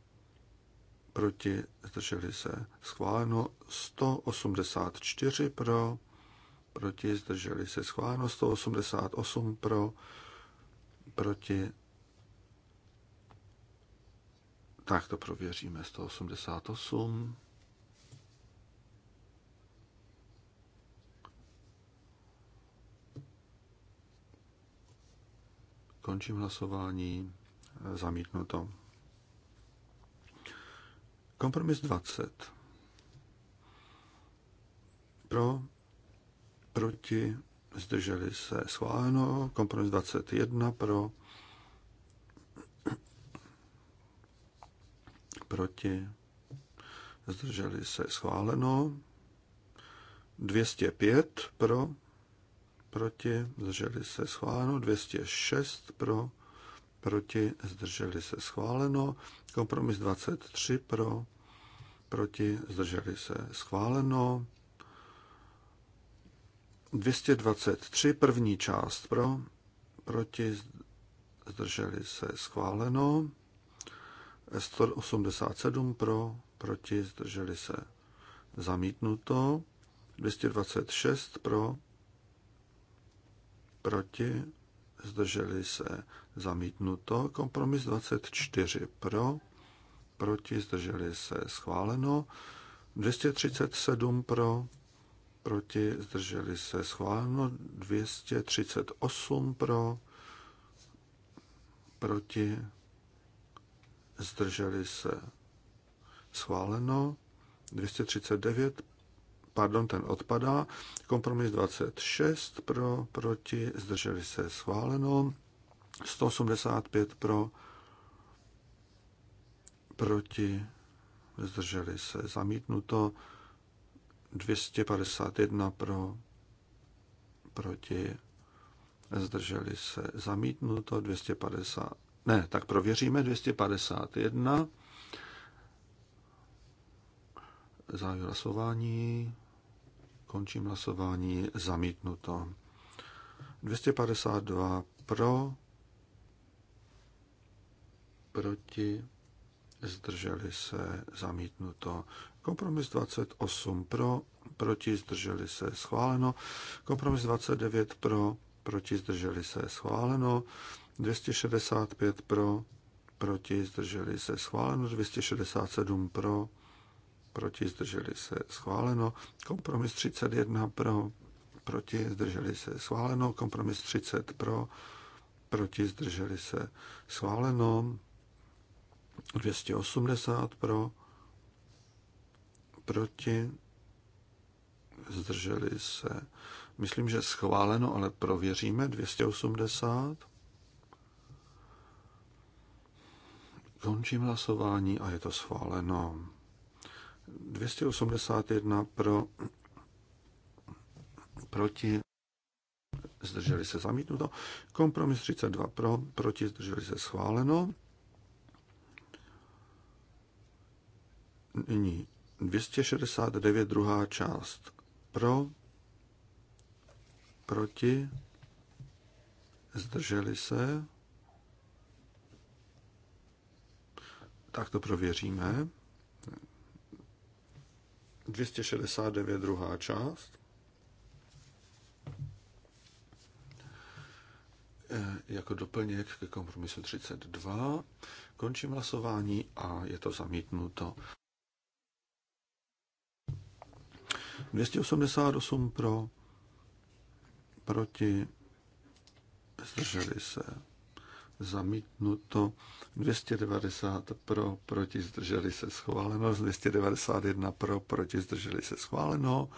proti, zdrželi se schváleno 184 pro, proti, zdrželi se schváleno 188 pro, proti, tak to prověříme, 188. Končím hlasování, zamítnuto. Kompromis 20. Pro, proti, zdrželi se schváleno. Kompromis 21 pro, proti, zdrželi se schváleno. 205 pro, proti, zdrželi se schváleno. 206 pro, proti, zdrželi se schváleno. Kompromis 23 pro, proti, zdrželi se, schváleno. 223, první část pro, proti, zdrželi se, schváleno. 187 pro, proti, zdrželi se, zamítnuto. 226 pro, proti, zdrželi se, zamítnuto. Kompromis 24 pro, proti, zdrželi se schváleno. 237 pro, proti, zdrželi se schváleno. 238 pro, proti, zdrželi se schváleno. 239 pardon, ten odpadá. Kompromis 26 pro, proti, zdrželi se schváleno. 185 pro, proti, zdrželi se, zamítnuto 251 pro, proti, zdrželi se, zamítnuto 250, ne, tak prověříme 251, zahajuji hlasování, končím hlasování, zamítnuto. 252 pro, proti, zdrželi se, zamítnuto. Kompromis 28 pro, proti, zdrželi se, schváleno. Kompromis 29 pro, proti, zdrželi se, schváleno. 265 pro, proti, zdrželi se, schváleno. 267 pro, proti, zdrželi se, schváleno. Kompromis 31 pro, proti, zdrželi se, schváleno. Kompromis 30 pro, proti, zdrželi se, schváleno. 280 pro, proti, zdrželi se. Myslím, že schváleno, ale prověříme 280. Končím hlasování a je to schváleno. 281 pro, proti, zdrželi se zamítnuto. Kompromis 32 pro, proti, zdrželi se schváleno. Nyní 269 druhá část. Pro, proti, zdrželi se. Tak to prověříme. 269 druhá část. E, jako doplněk ke kompromisu 32. Končím hlasování a je to zamítnuto. 288 pro, proti, zdrželi se, zamítnuto, 290 pro, proti, zdrželi se, schváleno, 291 pro, proti, zdrželi se, schváleno,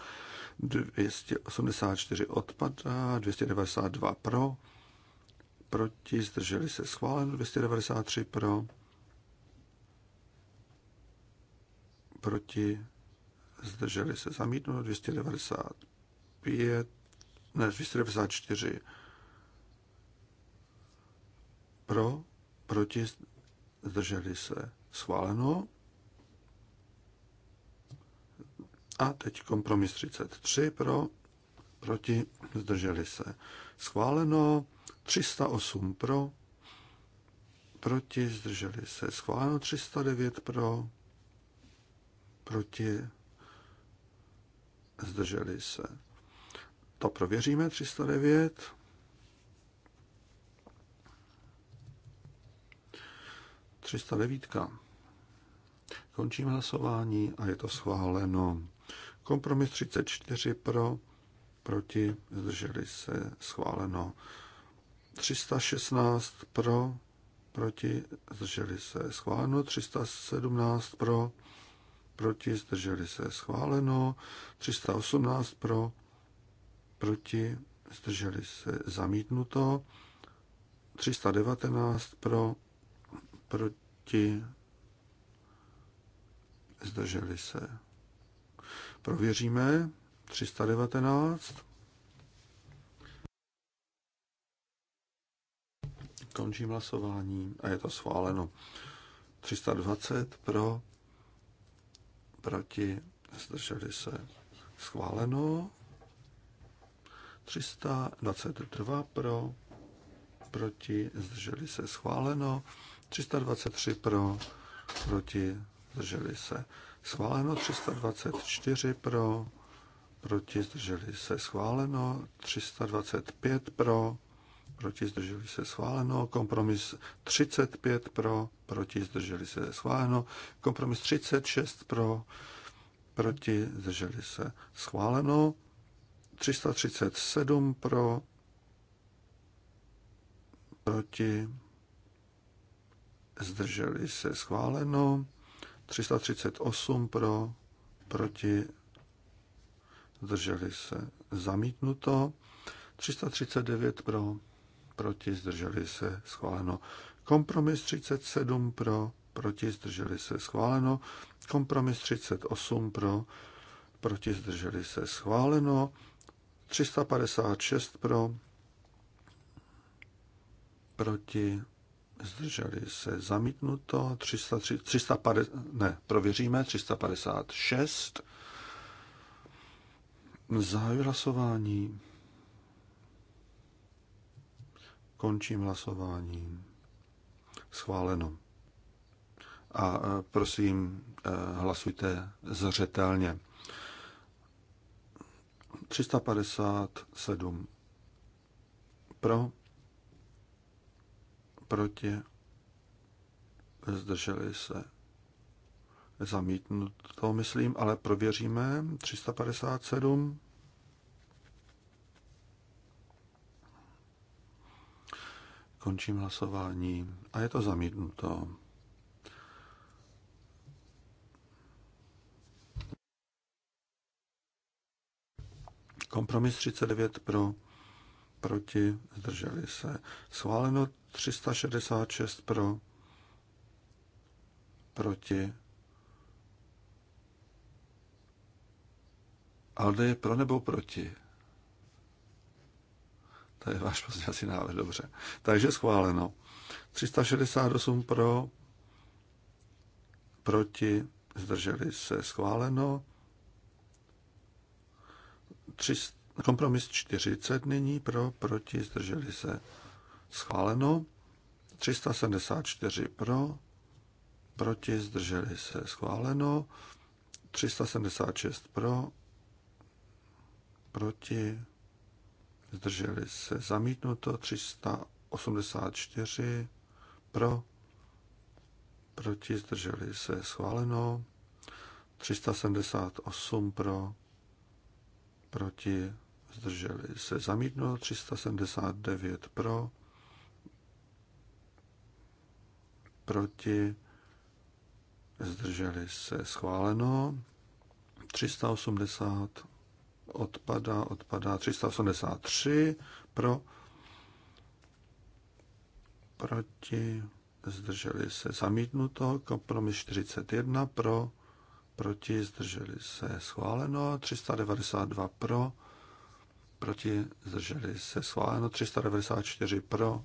284 odpadá, 292 pro, proti, zdrželi se, schváleno, 293 pro, proti, zdrželi se zamítnuto 295, ne, 294 pro, proti, zdrželi se schváleno. A teď kompromis 33 pro, proti, zdrželi se schváleno. 308 pro, proti, zdrželi se schváleno. 309 pro, proti, zdrželi se. To prověříme, 309. Třista devítka. Končím hlasování a je to schváleno. Kompromis 34 pro, proti, zdrželi se, schváleno. 316 pro, proti, zdrželi se, schváleno. 317 pro, proti, zdrželi se schváleno, 318 pro, proti, zdrželi se zamítnuto, 319 pro, proti, zdrželi se. Prověříme, 319. Končím hlasování a je to schváleno. 320 pro, proti, zdrželi se schváleno. 322 pro, proti, zdrželi se schváleno. 323 pro, proti, zdrželi se schváleno. 324 pro, proti, zdrželi se schváleno. 325 pro, proti zdrželi se schváleno, kompromis 35 pro, proti zdrželi se schváleno, kompromis 36 pro, proti zdrželi se schváleno, 337 pro, proti zdrželi se schváleno, 338 pro, proti zdrželi se zamítnuto, 339 pro, proti, zdrželi se, schváleno. Kompromis 37 pro, proti, zdrželi se, schváleno. Kompromis 38 pro, proti, zdrželi se, schváleno. 356 pro, proti, zdrželi se, zamítnuto. 350, ne, prověříme, 356. Zahajuji hlasování. Končím hlasování. Schváleno. A e, prosím, e, hlasujte zřetelně. 357 pro, proti, zdrželi se To myslím, ale prověříme 357. Končím hlasování a je to zamítnuto. Kompromis 39 pro, proti, zdrželi se. Schváleno 366 pro, proti. Alde je pro nebo proti? To je váš pozměňovací návrh, dobře. Takže schváleno. 368 pro, proti, zdrželi se, schváleno. 300, kompromis 40 nyní pro, proti, zdrželi se, schváleno. 374 pro, proti, zdrželi se, schváleno. 376 pro, proti, zdrželi se zamítnuto 384 pro, proti zdrželi se schváleno 378 pro, proti zdrželi se zamítnuto 379 pro, proti zdrželi se schváleno 380 odpadá, odpadá 383 pro, proti, zdrželi se zamítnuto, kompromis 41 pro, proti, zdrželi se schváleno, 392 pro, proti, zdrželi se schváleno, 394 pro,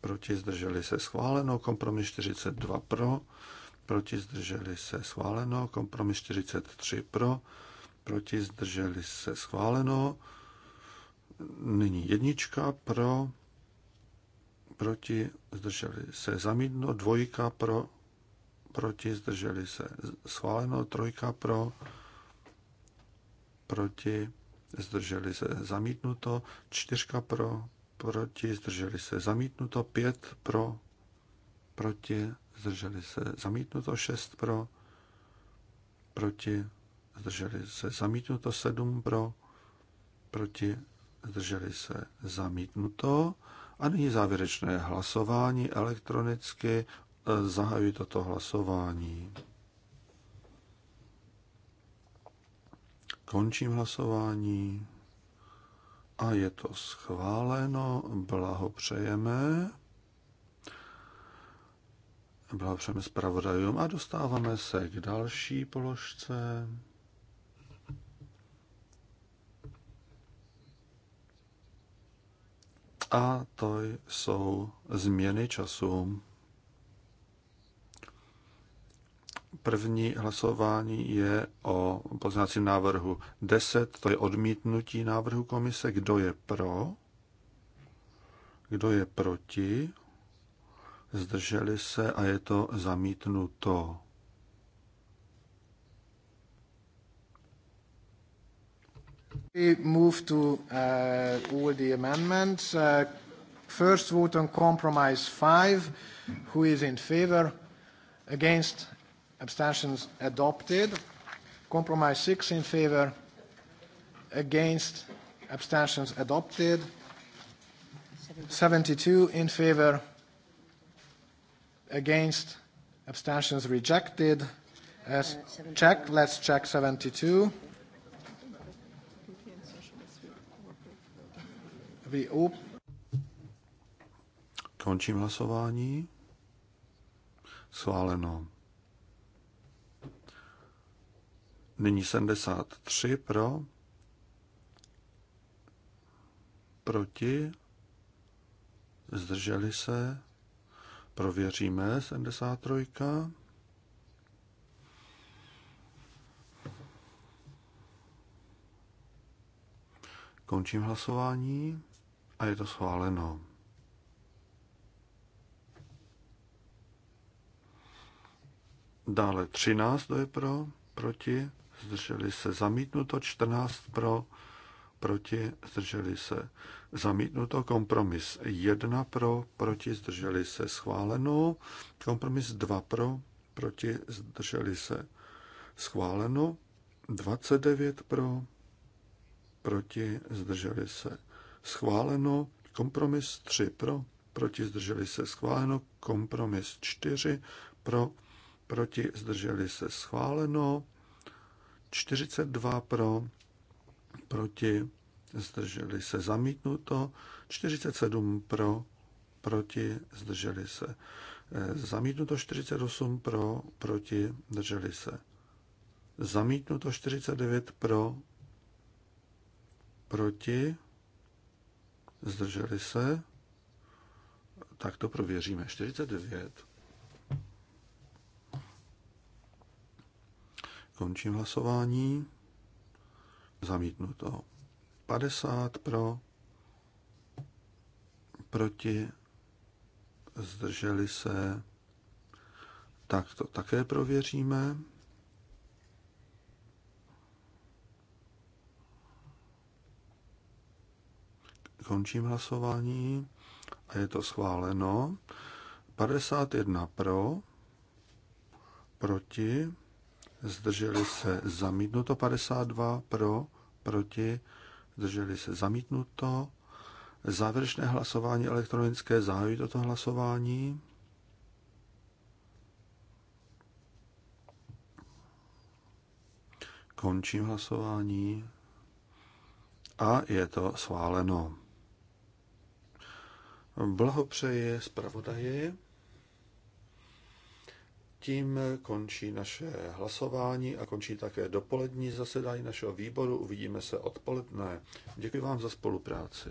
proti, zdrželi se schváleno, kompromis 42 pro, proti, zdrželi se schváleno, kompromis 43 pro, proti, zdrželi se schváleno. Nyní jednička pro, proti, zdrželi se zamítno, dvojka pro, proti, zdrželi se schváleno, trojka pro, proti, zdrželi se zamítnuto, čtyřka pro, proti, zdrželi se zamítnuto, pět pro, proti, zdrželi se zamítnuto, šest pro, proti, zdrželi se zamítnuto, 7 pro, proti, zdrželi se zamítnuto. A nyní závěrečné hlasování elektronicky. Zahajuji toto hlasování. Končím hlasování. A je to schváleno. Blahopřejeme. Blahopřejeme zpravodajům a dostáváme se k další položce. A to jsou změny času. První hlasování je o poznacím návrhu 10, to je odmítnutí návrhu komise. Kdo je pro? Kdo je proti? Zdrželi se a je to zamítnuto. We move to uh, all the amendments. Uh, first vote on compromise five: Who is in favor? Against? Abstentions adopted. Compromise six: in favor? Against? Abstentions adopted. 72 in favor? Against? Abstentions rejected. As uh, check, let's check 72. Končím hlasování. Schváleno. Nyní 73 pro, proti, zdrželi se, prověříme 73. Končím hlasování. A je to schváleno. Dále 13, to je pro, proti, zdrželi se zamítnuto, 14 pro, proti, zdrželi se zamítnuto, kompromis 1 pro, proti, zdrželi se schváleno, kompromis 2 pro, proti, zdrželi se schváleno, 29 pro, proti, zdrželi se schváleno, kompromis 3 pro, proti zdrželi se schváleno, kompromis 4 pro, proti zdrželi se schváleno, 42 pro, proti zdrželi se zamítnuto, 47 eh, pro, proti zdrželi se zamítnuto, 48 pro, proti zdrželi se zamítnuto, 49 pro, proti zdrželi se, tak to prověříme. 49. Končím hlasování. Zamítnuto. 50 pro, proti, zdrželi se, tak to také prověříme. Končím hlasování a je to schváleno. 51 pro, proti, zdrželi se zamítnuto 52 pro, proti, zdrželi se zamítnuto. Závěrečné hlasování elektronické zahájí toto hlasování. Končím hlasování a je to schváleno. Blahopřeji zpravodaji. Tím končí naše hlasování a končí také dopolední zasedání našeho výboru. Uvidíme se odpoledne. Děkuji vám za spolupráci.